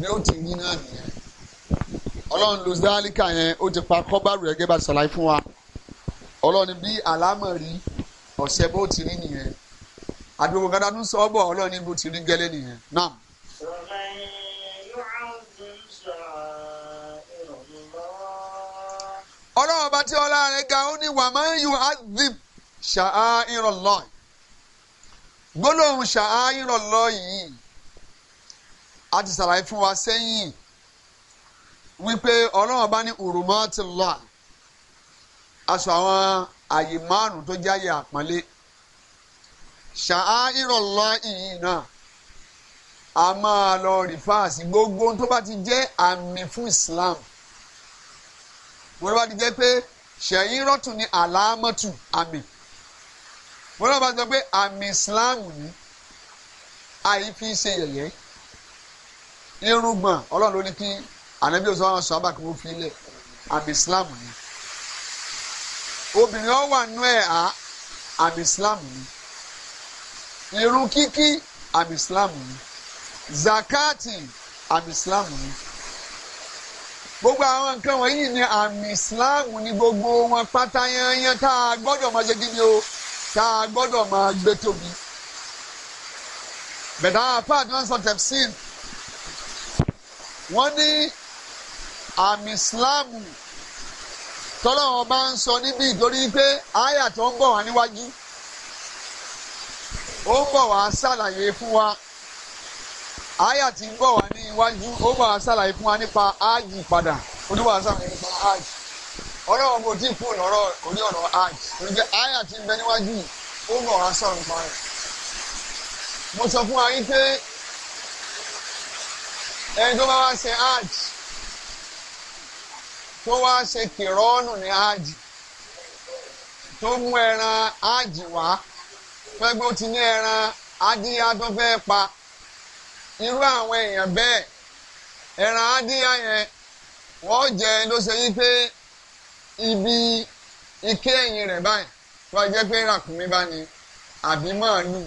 ni ti rí náà nìyẹn. ọlọ́run lu zálíkà yẹn ó ti pa kọ́bárù rẹ̀ gẹ́gẹ́ bá ṣàlàyé fún wa ọlọ́run bí àlámọ̀ rí ọ̀sẹ̀ bó ti rí nìyẹn àdúgbò gàdá ń sọ ọ́ bọ̀ ọlọ́run ní bó ti rí gẹ́lẹ́ nìyẹn náà. ọlọ́run ọba tí ọ rẹ̀ ga ó ní wàmọ́ yù azim ṣàá ìrọ̀lọ́ gbólóhùn ṣàá ìrọ̀lọ́ yìí a ti ṣàlàyé fún wa sẹ́yìn. wípé ọlọ́run bá ní urumọ́tìlá aṣọ àwọn àyè márùn tó jáyè àpọ́nlé ṣáá ìrọ̀lọ́ ìyìn náà a máa lọ rìfáàsì gbogbo tó bá ti jẹ́ àmì fún Islam wọ́n bá ti jẹ́ pé ṣẹ̀yìn rọ́tù ni àlámọ́tù àmì wọ́n bá ti sọ pé àmì Islam ni àyè fi ṣe yẹ̀yẹ́ irùngbọ̀n ọlọ́run ló ní kí ànábì ọ̀sán àwọn sọ́ọ́bà kan ó fi lẹ̀ àmì islam ni obìnrin ọ wà nú ẹ̀ á islam ni irun kíkí àmì islam ni zakati àmì islam ni gbogbo àwọn nǹkan wọ̀nyí ni àmì islam ni gbogbo wọn pátá yanyan tá a gbọ́dọ̀ máa ṣe kí ni o tá a gbọ́dọ̀ máa gbé tóbi bẹ̀dá apá àdúrà sọ tẹ̀síìlì wọ́n ní àmì síláàmù tọ́lọ́wọ́n bá ń sọ níbí torí pé àyà tó ń bọ̀ wá níwájú ó ń bọ̀ wá sàlàyé fún wa àyà tí ń bọ̀ wá níwájú, ó ń bọ̀ wá ṣàlàyé fún wa nípa áàjì padà olúwa sàlàyé nípa áàjì ọlọ́wọ́n kò tí ì fún ọ̀rọ̀ orí ọ̀rọ̀ áàjì torí pé àyà tí ń bẹ níwájú ó ń bọ̀ wá sàlàyé. nípa rẹ̀ mo sọ fún wa yín pé ẹni tó bá wá ṣe áàjì. tó wá ṣe ọnù ní ájì tó mú ẹran ájì wá pẹ́gbẹ́ ó ti ní ẹran ádíyá tó fẹ́ pa irú àwọn èèyàn bẹ́ẹ̀ ẹran ádíyá yẹn wọ́n jẹ ló ṣe yí pé ibi ike ẹ̀yìn rẹ̀ báyìí wọ́n jẹ́ pé bá ní àbí màálù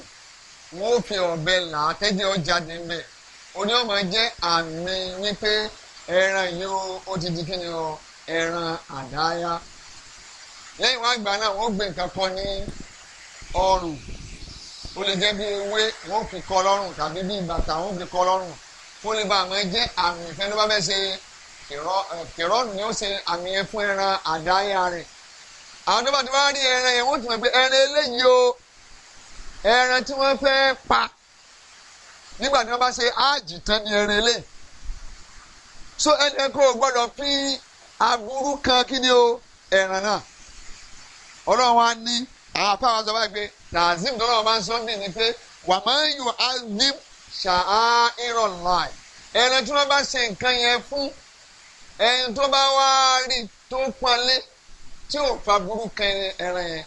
fi là á ó ẹran yìí ó ti di kí o ẹran àdáyá lẹ́yìn wọn àgbà náà wọ́n gbé nǹkan kan ní ọrùn ó lè jẹ́ bí ewé wọ́n fi kọ́ lọ́rùn tàbí bí bàtà wọ́n fi kọ́ lọ́rùn kó lè ba àwọn jẹ́ àmì ìfẹ́ ló bá fẹ́ ṣe kìrọ́ọ̀nù ni ó ṣe àmì yẹn fún ẹran àdáyá rẹ̀ àwọn tó bá ti wá rí ẹran yẹn wọ́n ti mọ̀ pé ẹran eléyìí o ẹran tí wọ́n fẹ́ pa nígbà tí wọ́n bá ṣe áàjì tán ní ẹran eléyìí so ẹnìkan kò gbọ́dọ̀ fi aburú kan kí ni o ẹ̀ràn náà ọlọ́run wa ní àwọn afáwọn sọ báyìí tó lọ́wọ́ máa ń sọ ni pé wà máa ń yọ azim ṣáá ìrọ̀láì ẹni tí wọ́n bá ṣe nǹkan yẹn fún ẹni tó bá wá rí tó pọ́nlé tí ò fa burú kan ẹran yẹn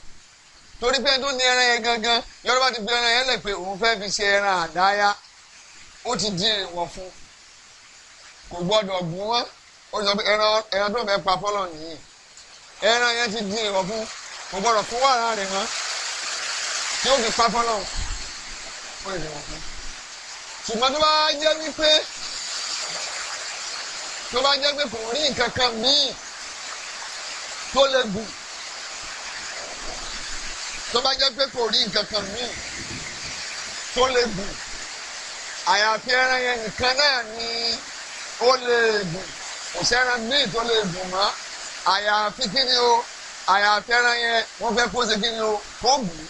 torí pé tó ní ẹran yẹn gangan yọ̀rọ̀ ti fi ẹran yẹn lẹ̀ pé òun fẹ́ fi ṣe ẹran àdáyá ó ti di èèwọ̀ fún kò gbọ́dọ̀ gún wọ́n ó sọ pé ẹran ẹran tó ń fẹ́ pa fọ́lọ̀ nìyí ẹran yẹn ti di èèwọ̀ fún kò gbọ́dọ̀ fún wàrà rẹ̀ mọ́ tí ó fi pa fọ́lọ̀ ó lè wọ̀ fún. ṣùgbọ́n tó bá jẹ́ wípé tó bá jẹ́ pé kò rí nǹkan kan míì tó lè gùn tó bá jẹ́ pé kò rí nǹkan kan míì tó lè gùn àyàfi ẹran yẹn nìkan náà ni ó lè gùn kò sẹ́ran míì tó lè dùn mọ́ àyàfi kí ni o àyàfi ẹran yẹn wọ́n fẹ́ kó ṣe kí ni o kó bù ú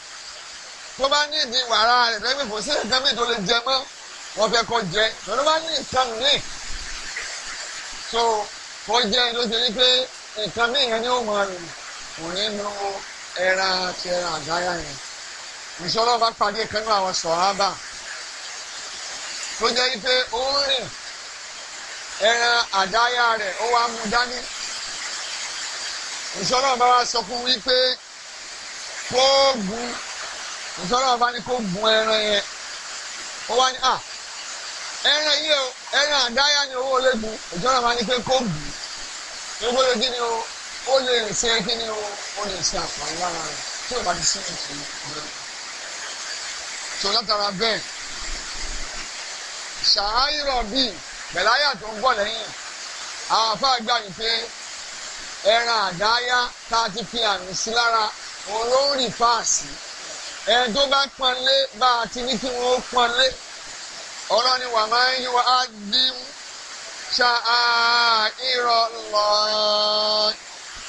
tó bá ní ìdí wàrà rẹ̀ lẹ́gbẹ̀ẹ́ kò sí nǹkan míì tó lè jẹ mọ́ wọ́n fẹ́ kó jẹ tó bá ní nǹkan míì tó kó jẹ ló ṣe ní pé nǹkan míì yẹn ni ó mọ̀ rìn kò ní nu ẹran àti ẹran àdáyà yẹn ìṣọ́lọ́ pàdé kanú àwọn sọ̀rọ̀ àbà tó jẹ́ pé ó rìn ẹran àdáyà rẹ̀ ó wá mú dání. ìṣọ́nà bá wa sọ fún wípé kó gun ìṣọ́nà bá ní kó gun ẹran yẹn ó wá ní à ẹran yìí o ẹran àdáyà ni owó lè gun ìṣọ́nà bá ní pé kó gun owó lè kí ni o ó lè ṣe kí ni o ó lè ṣe àpàlù lára rẹ̀ tí o bá ti sí ìṣòro ìṣòro. sọ látara bẹ́ẹ̀ ṣàáyírọ̀ bíi pẹ̀láyà tó ń bọ̀ lẹ́yìn àwọn àfáà gbà yìí pé ẹran àdáyá tá a ti fi àmì sí lára òun ló ń rìn fáàsì ẹni tó bá pọnlé bá a ti ní kí wọ́n pọnlé ọ̀rọ̀ ni wà máa ń yí wa á bí ṣá a ìrọ̀ lọ.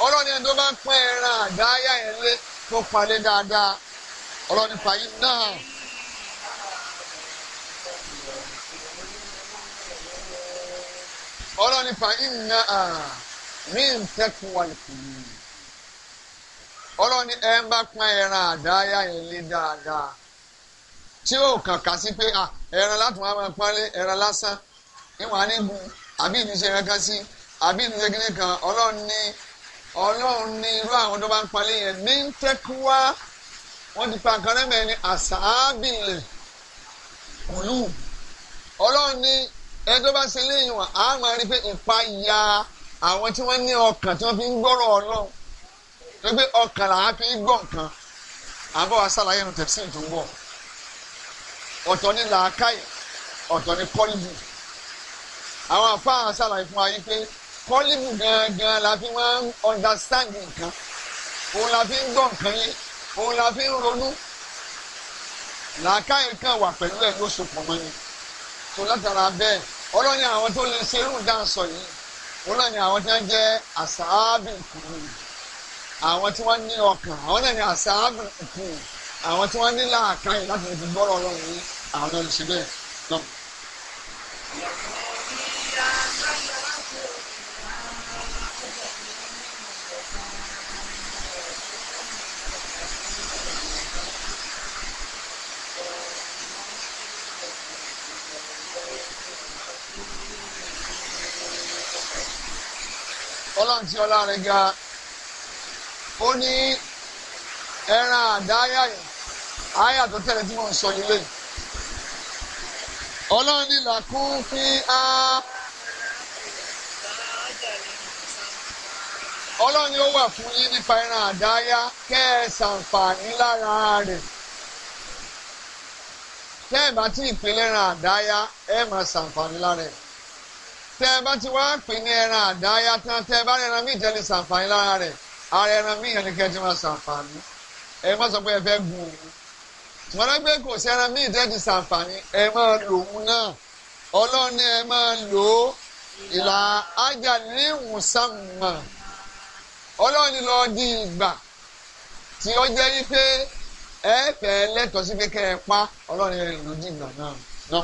ọ̀rọ̀ ni ẹni tó bá pọn ẹran àdáyá ẹ̀ lé tó pọnlé dáadáa ọ̀rọ̀ nípa yìí náà. ọlọ́ni fa iná mí n tẹ́kun wà lùkùnú ọlọ́ni ẹ bá pọn ẹran àdáyà yẹn lé dáadáa tí ó kàn kà sí pé ẹran láti wọn máa pọn lé ẹran lásán níwọ̀n anígun àbí ìníṣẹ́ ẹran sí àbí ìníṣẹ́ kíní kan ọlọ́run ní ọlọ́run ní irú àwọn tó bá ń pọn yẹn mí n tẹ́kun wá wọ́n ti pa nǹkan rẹ́mẹ̀ẹ́ ní àṣà ábìlẹ̀ pẹ̀lú ọlọ́run ní ẹni tó bá ṣe léyìn wọn a máa rí pé ìpayà àwọn tí wọ́n ní ọkàn tí wọ́n fi ń gbọ́rọ̀ ọlọ́run tó gbé ọkàn làwọn fi ń gbọ́ nǹkan àbọ̀ wa ṣàlàyé nu tẹ̀sí tó ń bọ̀ ọ̀tọ̀ ní làákàyè ọ̀tọ̀ ní kọ́líbù àwọn àfáà ṣàlàyé fún wa yìí pé kọ́líbù gangan la fi máa ń understand nǹkan òun la fi ń gbọ́ nǹkan yìí òun la fi ń ronú làákàyè kan wà pẹ̀lú ẹ̀ ló sopọ̀ mọ́ tó látara bẹ́ẹ̀ ọlọ́ni àwọn tó lè ṣe irú dáńsọ yìí ọlọ́ni àwọn tí wọ́n jẹ́ àsáábì kùnú àwọn tí wọ́n ní ọkàn àwọn náà ní àsáábì àwọn tí wọ́n ní láàkàyè láti fi gbọ́rọ̀ ọlọ́run yìí àwọn náà lè ṣe bẹ́ẹ̀ náà. ọlọ́run tí ọlá rẹ̀ ga ó ní ẹran àdáyà àyà tó tẹ̀lé tí wọ́n ń sọ ilé ọlọ́run ní làkún fi á. ọlọ́run ni ó wà fún yín nípa ẹran àdáyá kẹ́ ẹ ṣàǹfààní lára rẹ̀ tẹ́ bá tí ìpínlẹ̀ ẹran àdáyá ẹ̀ máa ṣàǹfààní lára rẹ̀ tẹ́ ẹ bá ti wá pè ní ẹran àdáyá tán tẹ́ ẹ bá rẹran míì jẹ́ lè ṣàǹfààní lára rẹ̀ ara ẹran míì yẹn ni kẹ́ ẹ ti máa ṣàǹfààní ẹ má sọ pé ẹ fẹ́ gùn òun wọn lọ gbé kò sí ẹran míì tẹ́ ẹ ti ṣàǹfààní ẹ máa lò òun náà ọlọ́run ni ẹ máa lò ó ìlà ájà ní ìwòsàn ọlọ́run ni di ìgbà tí ó jẹ́ wípé ẹ fẹ́ lẹ́tọ̀ọ́ sí pé kẹ́ ẹ pa ọlọ́run ẹ lòdì ìgbà náà náà.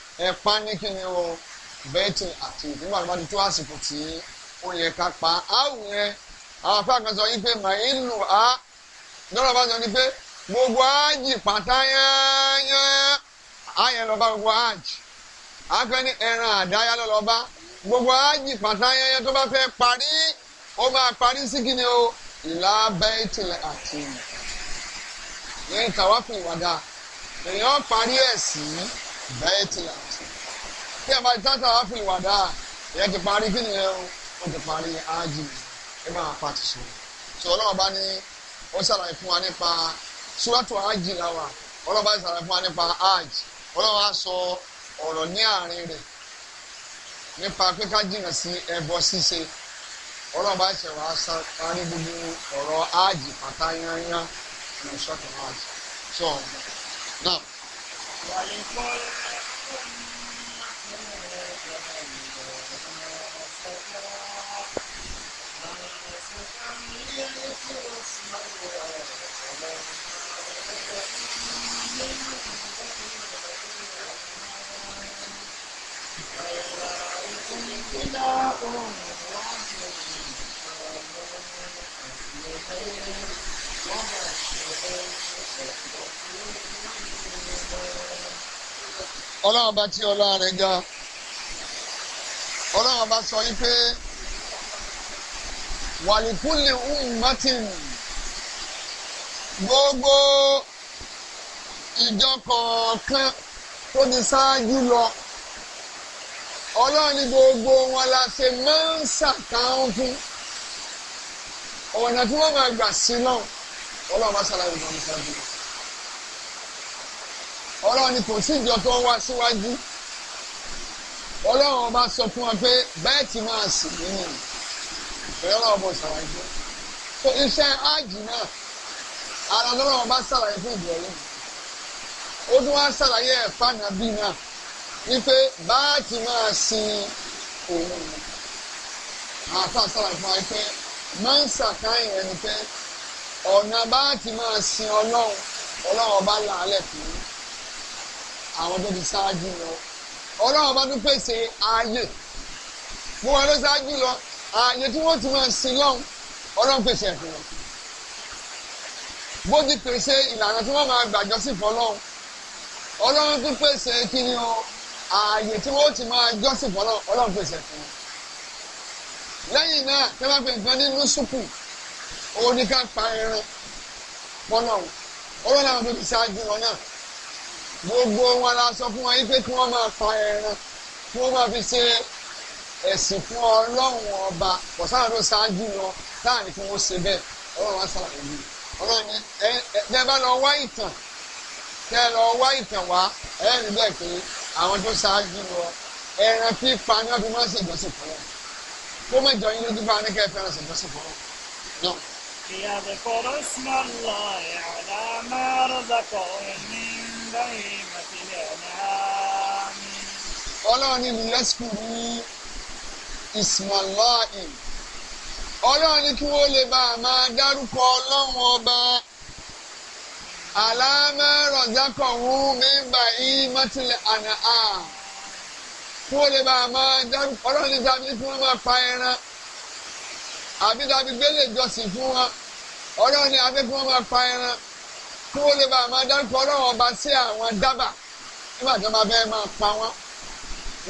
ẹ̀pá ní kí ni o bẹ́ẹ̀tì àti ìdúgbò àti bàtí tó àsìkò tí ó yẹ ká pa áwù yẹn àwọn afẹ́ àkànṣe yìí pé màá ń lù á lọ́rọ̀ bá sọ ni pé gbogbo ájì pátá yányán ayẹn lọ́ba gbogbo ájì afẹ́ ní ẹran àdáyá lọ́lọ́ba gbogbo ájì pátá yányán tó bá fẹ́ parí ó máa parí sí kí ni o ìlà bẹ́ẹ̀tì àti ìyẹn ìtàwáfin ìwàdà èèyàn parí ẹ̀ sí bẹ́ẹ̀tì àti tí a bá tata wá fi wà dáa ìyẹn ti parí kí nìyẹn o ó ti parí ájì ẹ máa pa ti sùn so ọlọ́wọ́ bá ní ó ṣàlàyé fún wa nípa súrátù ájì làwà ọlọ́wọ́ bá ṣàlàyé fún wa nípa ájì ọlọ́wọ́ á sọ ọ̀rọ̀ ní àárín rẹ̀ nípa pé ká jìnnà sí ẹbọ ṣíṣe ọlọ́wọ́ bá ṣẹ̀ wá parí gbogbo ọ̀rọ̀ ájì pátá yányá ní ṣọ́ọ̀tù ájì so now. wàlúùkọ́ ọlọ́run bá tí ọlọ́run rẹ̀ ga ọlọ́run bá sọ yí pé wàlíkúlì ummatin gbogbo ìjọ kọ̀ọ̀kan tó ti ṣáájú lọ ọlọ́run ní gbogbo wọn la ṣe máa ń ṣàkáwọn fún ọ̀nà tí wọ́n máa gbà sí náà ọlọ́run bá ṣàlàyé ìgbà wọn ṣáájú ọlọ́run ní kò sí ìjọ tó ń wá síwájú ọlọ́run bá sọ fún wọn pé bẹ́ẹ̀ tí máa sì nínú ìrẹ́ ọlọ́run bọ̀ ṣàlàyé so iṣẹ́ áàjì náà ara ọlọ́run bá ṣàlàyé fún ìbẹ̀rù ó tún wá ṣàlàyé ẹ̀fà nàbí náà wípé bá a ti máa sin òun àáfàá sàlàyé fún wa wípé máa ń sàkáyìn ẹni pé ọ̀nà bá a ti máa sin ọlọ́run ọlọ́run ọba làálẹ̀ fún àwọn tó ti ṣáájú lọ ọlọ́run ọba tún pèsè ààyè mo wà ló ṣáájú lọ ààyè tí wọ́n ti máa sin lọ́hùn ọlọ́run pèsè ẹ̀fọ́ wọn bó ti pèsè ìlànà tí wọ́n máa gbàjọ́sìn fọlọ́hùn ọlọ́run tún pèsè kí ni o ààyè tí wọ́n ti máa jọ́sìn fún ọlọ́run pèsè fún wọn. lẹ́yìn náà tí wọ́n pè nǹkan nínú sùkù òun ní ká pa ẹran fọlọ́run ọlọ́run làwọn tó ti ṣáájú wọn náà gbogbo wọn la sọ fún wọn yí pé kí wọ́n máa pa ẹran kí wọ́n máa fi ṣe ẹ̀sìn fún ọlọ́run ọba kọ̀sánà tó ṣáájú lọ láàrin fún wọn ṣe bẹ́ẹ̀ ọlọ́run wá sàlàyé yìí ọlọ́run ní ẹ ẹ tẹ́ bá lọ wá ìtàn tẹ́ lọ wá ìtàn wá ẹ̀ ẹ́ rí bẹ́ẹ̀ àwọn tó ṣáájú lọ ẹran pípa ni wọ́n fi máa ń ṣèjọsìn fún wọn kó mẹ́jọ yín lójú bá nígbà ẹ̀fẹ́ rẹ̀ ṣèjọsìn fún wọn. náà. ليذكر اسم الله على ما رزقهم من بهيمة الأنعام ọlọ́run ní lẹ́sùkùrú ismaláì ọlọ́run ní kí wọ́n lè bá a máa dárúkọ ọlọ́run ọba alámẹ́rọ̀ jákọ̀ọ́hún mi ń bá yín mọ́tìlẹ̀ àná à kí wọ́n lè máa máa ọlọ́run ní dábí kí wọ́n máa pa ẹran àbí dábí gbélé ìjọsìn fún wọn ọlọ́run ní abẹ́ kí wọ́n máa pa ẹran kí wọ́n lè máa máa dárúkọ ọlọ́run ọba sí àwọn dábà nígbà tí wọ́n bá fẹ́ máa pa wọ́n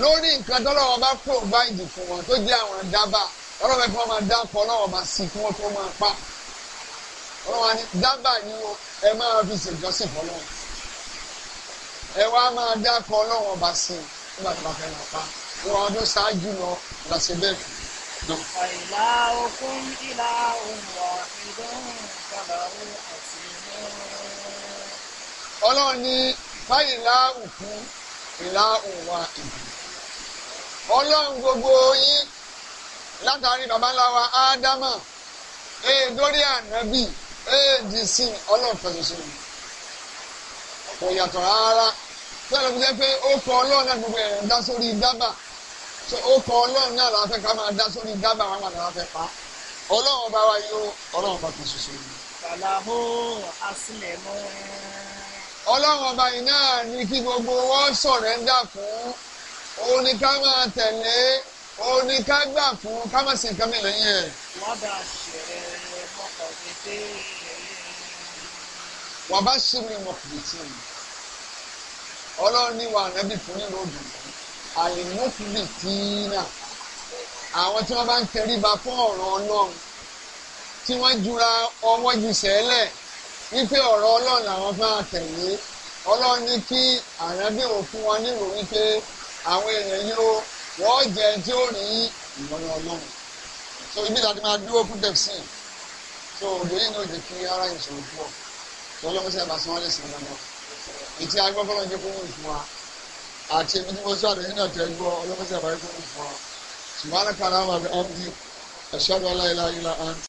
lórí nǹkan tọ́lọ́run ọba pòròbáìdì fún wọn tó jẹ́ àwọn dábà ọlọ́run ẹ̀kọ́ máa dárúkọ ọlọ́run ọba sí kí wọ́n tó máa pa ọlọ́run dábà ni wọn ẹ máa fi ṣèjọsìn fọlọ́run ẹ wá máa dákọ ọlọ́run ọba sí i nígbà tó bá fẹ́ máa pa wọn ọdún ṣáájú lọ làṣẹ bẹ́ẹ̀ fi. ọ̀ìlà okun ìlà ohun ọ̀hìndóhùn kàlàó àti mú. ọlọ́run ní fáìlà òkú ìlà ohun wa ọlọ́run gbogbo yín látàrí babaláwa ádámà èèdórí ànábì adc ọlọ́ọ̀fẹ́sọsọ ni kò yàtọ̀ rárá tí wọ́n lọ fi jẹ́ pé ó kọ ọlọ́run náà gbogbo ẹ̀ dá sórí dábà so ó kọ ọlọ́run náà láfẹ́ ká máa dá sórí dábà wọn máa láfẹ́ pa ọlọ́run bá wa yóò ọlọ́run bá fi ṣoṣo ni. sàlámù asílẹ̀ mọ́. ọlọ́run ọba yìí náà ní kí gbogbo wọn sọ̀rẹ́ńdà fún òun ni ká máa tẹ̀lé òun ni ká gbà fún ká má sì nǹkan lẹ́yìn ẹ̀. wọ́n bá a wàbá ṣírí mọ̀kùnrin ọlọ́run ní wa ànábì fún nínú òdùn àlìmọ́kùnrin tí náà àwọn tí wọ́n bá ń tẹríba fún ọ̀rọ̀ ọlọ́run tí wọ́n jura ọwọ́ ju sẹ́lẹ̀ wípé ọ̀rọ̀ ọlọ́run làwọn fẹ́ràn tẹ̀lé ọlọ́run ní kí ànábì ò fún wọn nírò wípé àwọn èèyàn yìí ó wọ́n jẹ tí ó rí ìwọ́n ọlọ́run so ibi láti máa dúró fún tẹ̀síì tó lórí náà jẹ́ kí ara ìṣòro pọ̀ tó lọ́wọ́ sẹ́yìn bá sanwó lè sàn lọ́wọ́ ètí agbọ́fọ́lọ́ jẹ́ fún ìfún wa àti ebi tí mo sọ àdéhùn náà tẹ́ gbọ́ ọlọ́wọ́ bá yẹ fún ìfún wa ṣùgbọ́n alákàrà wà bí ọ́n bí ẹ̀ṣọ́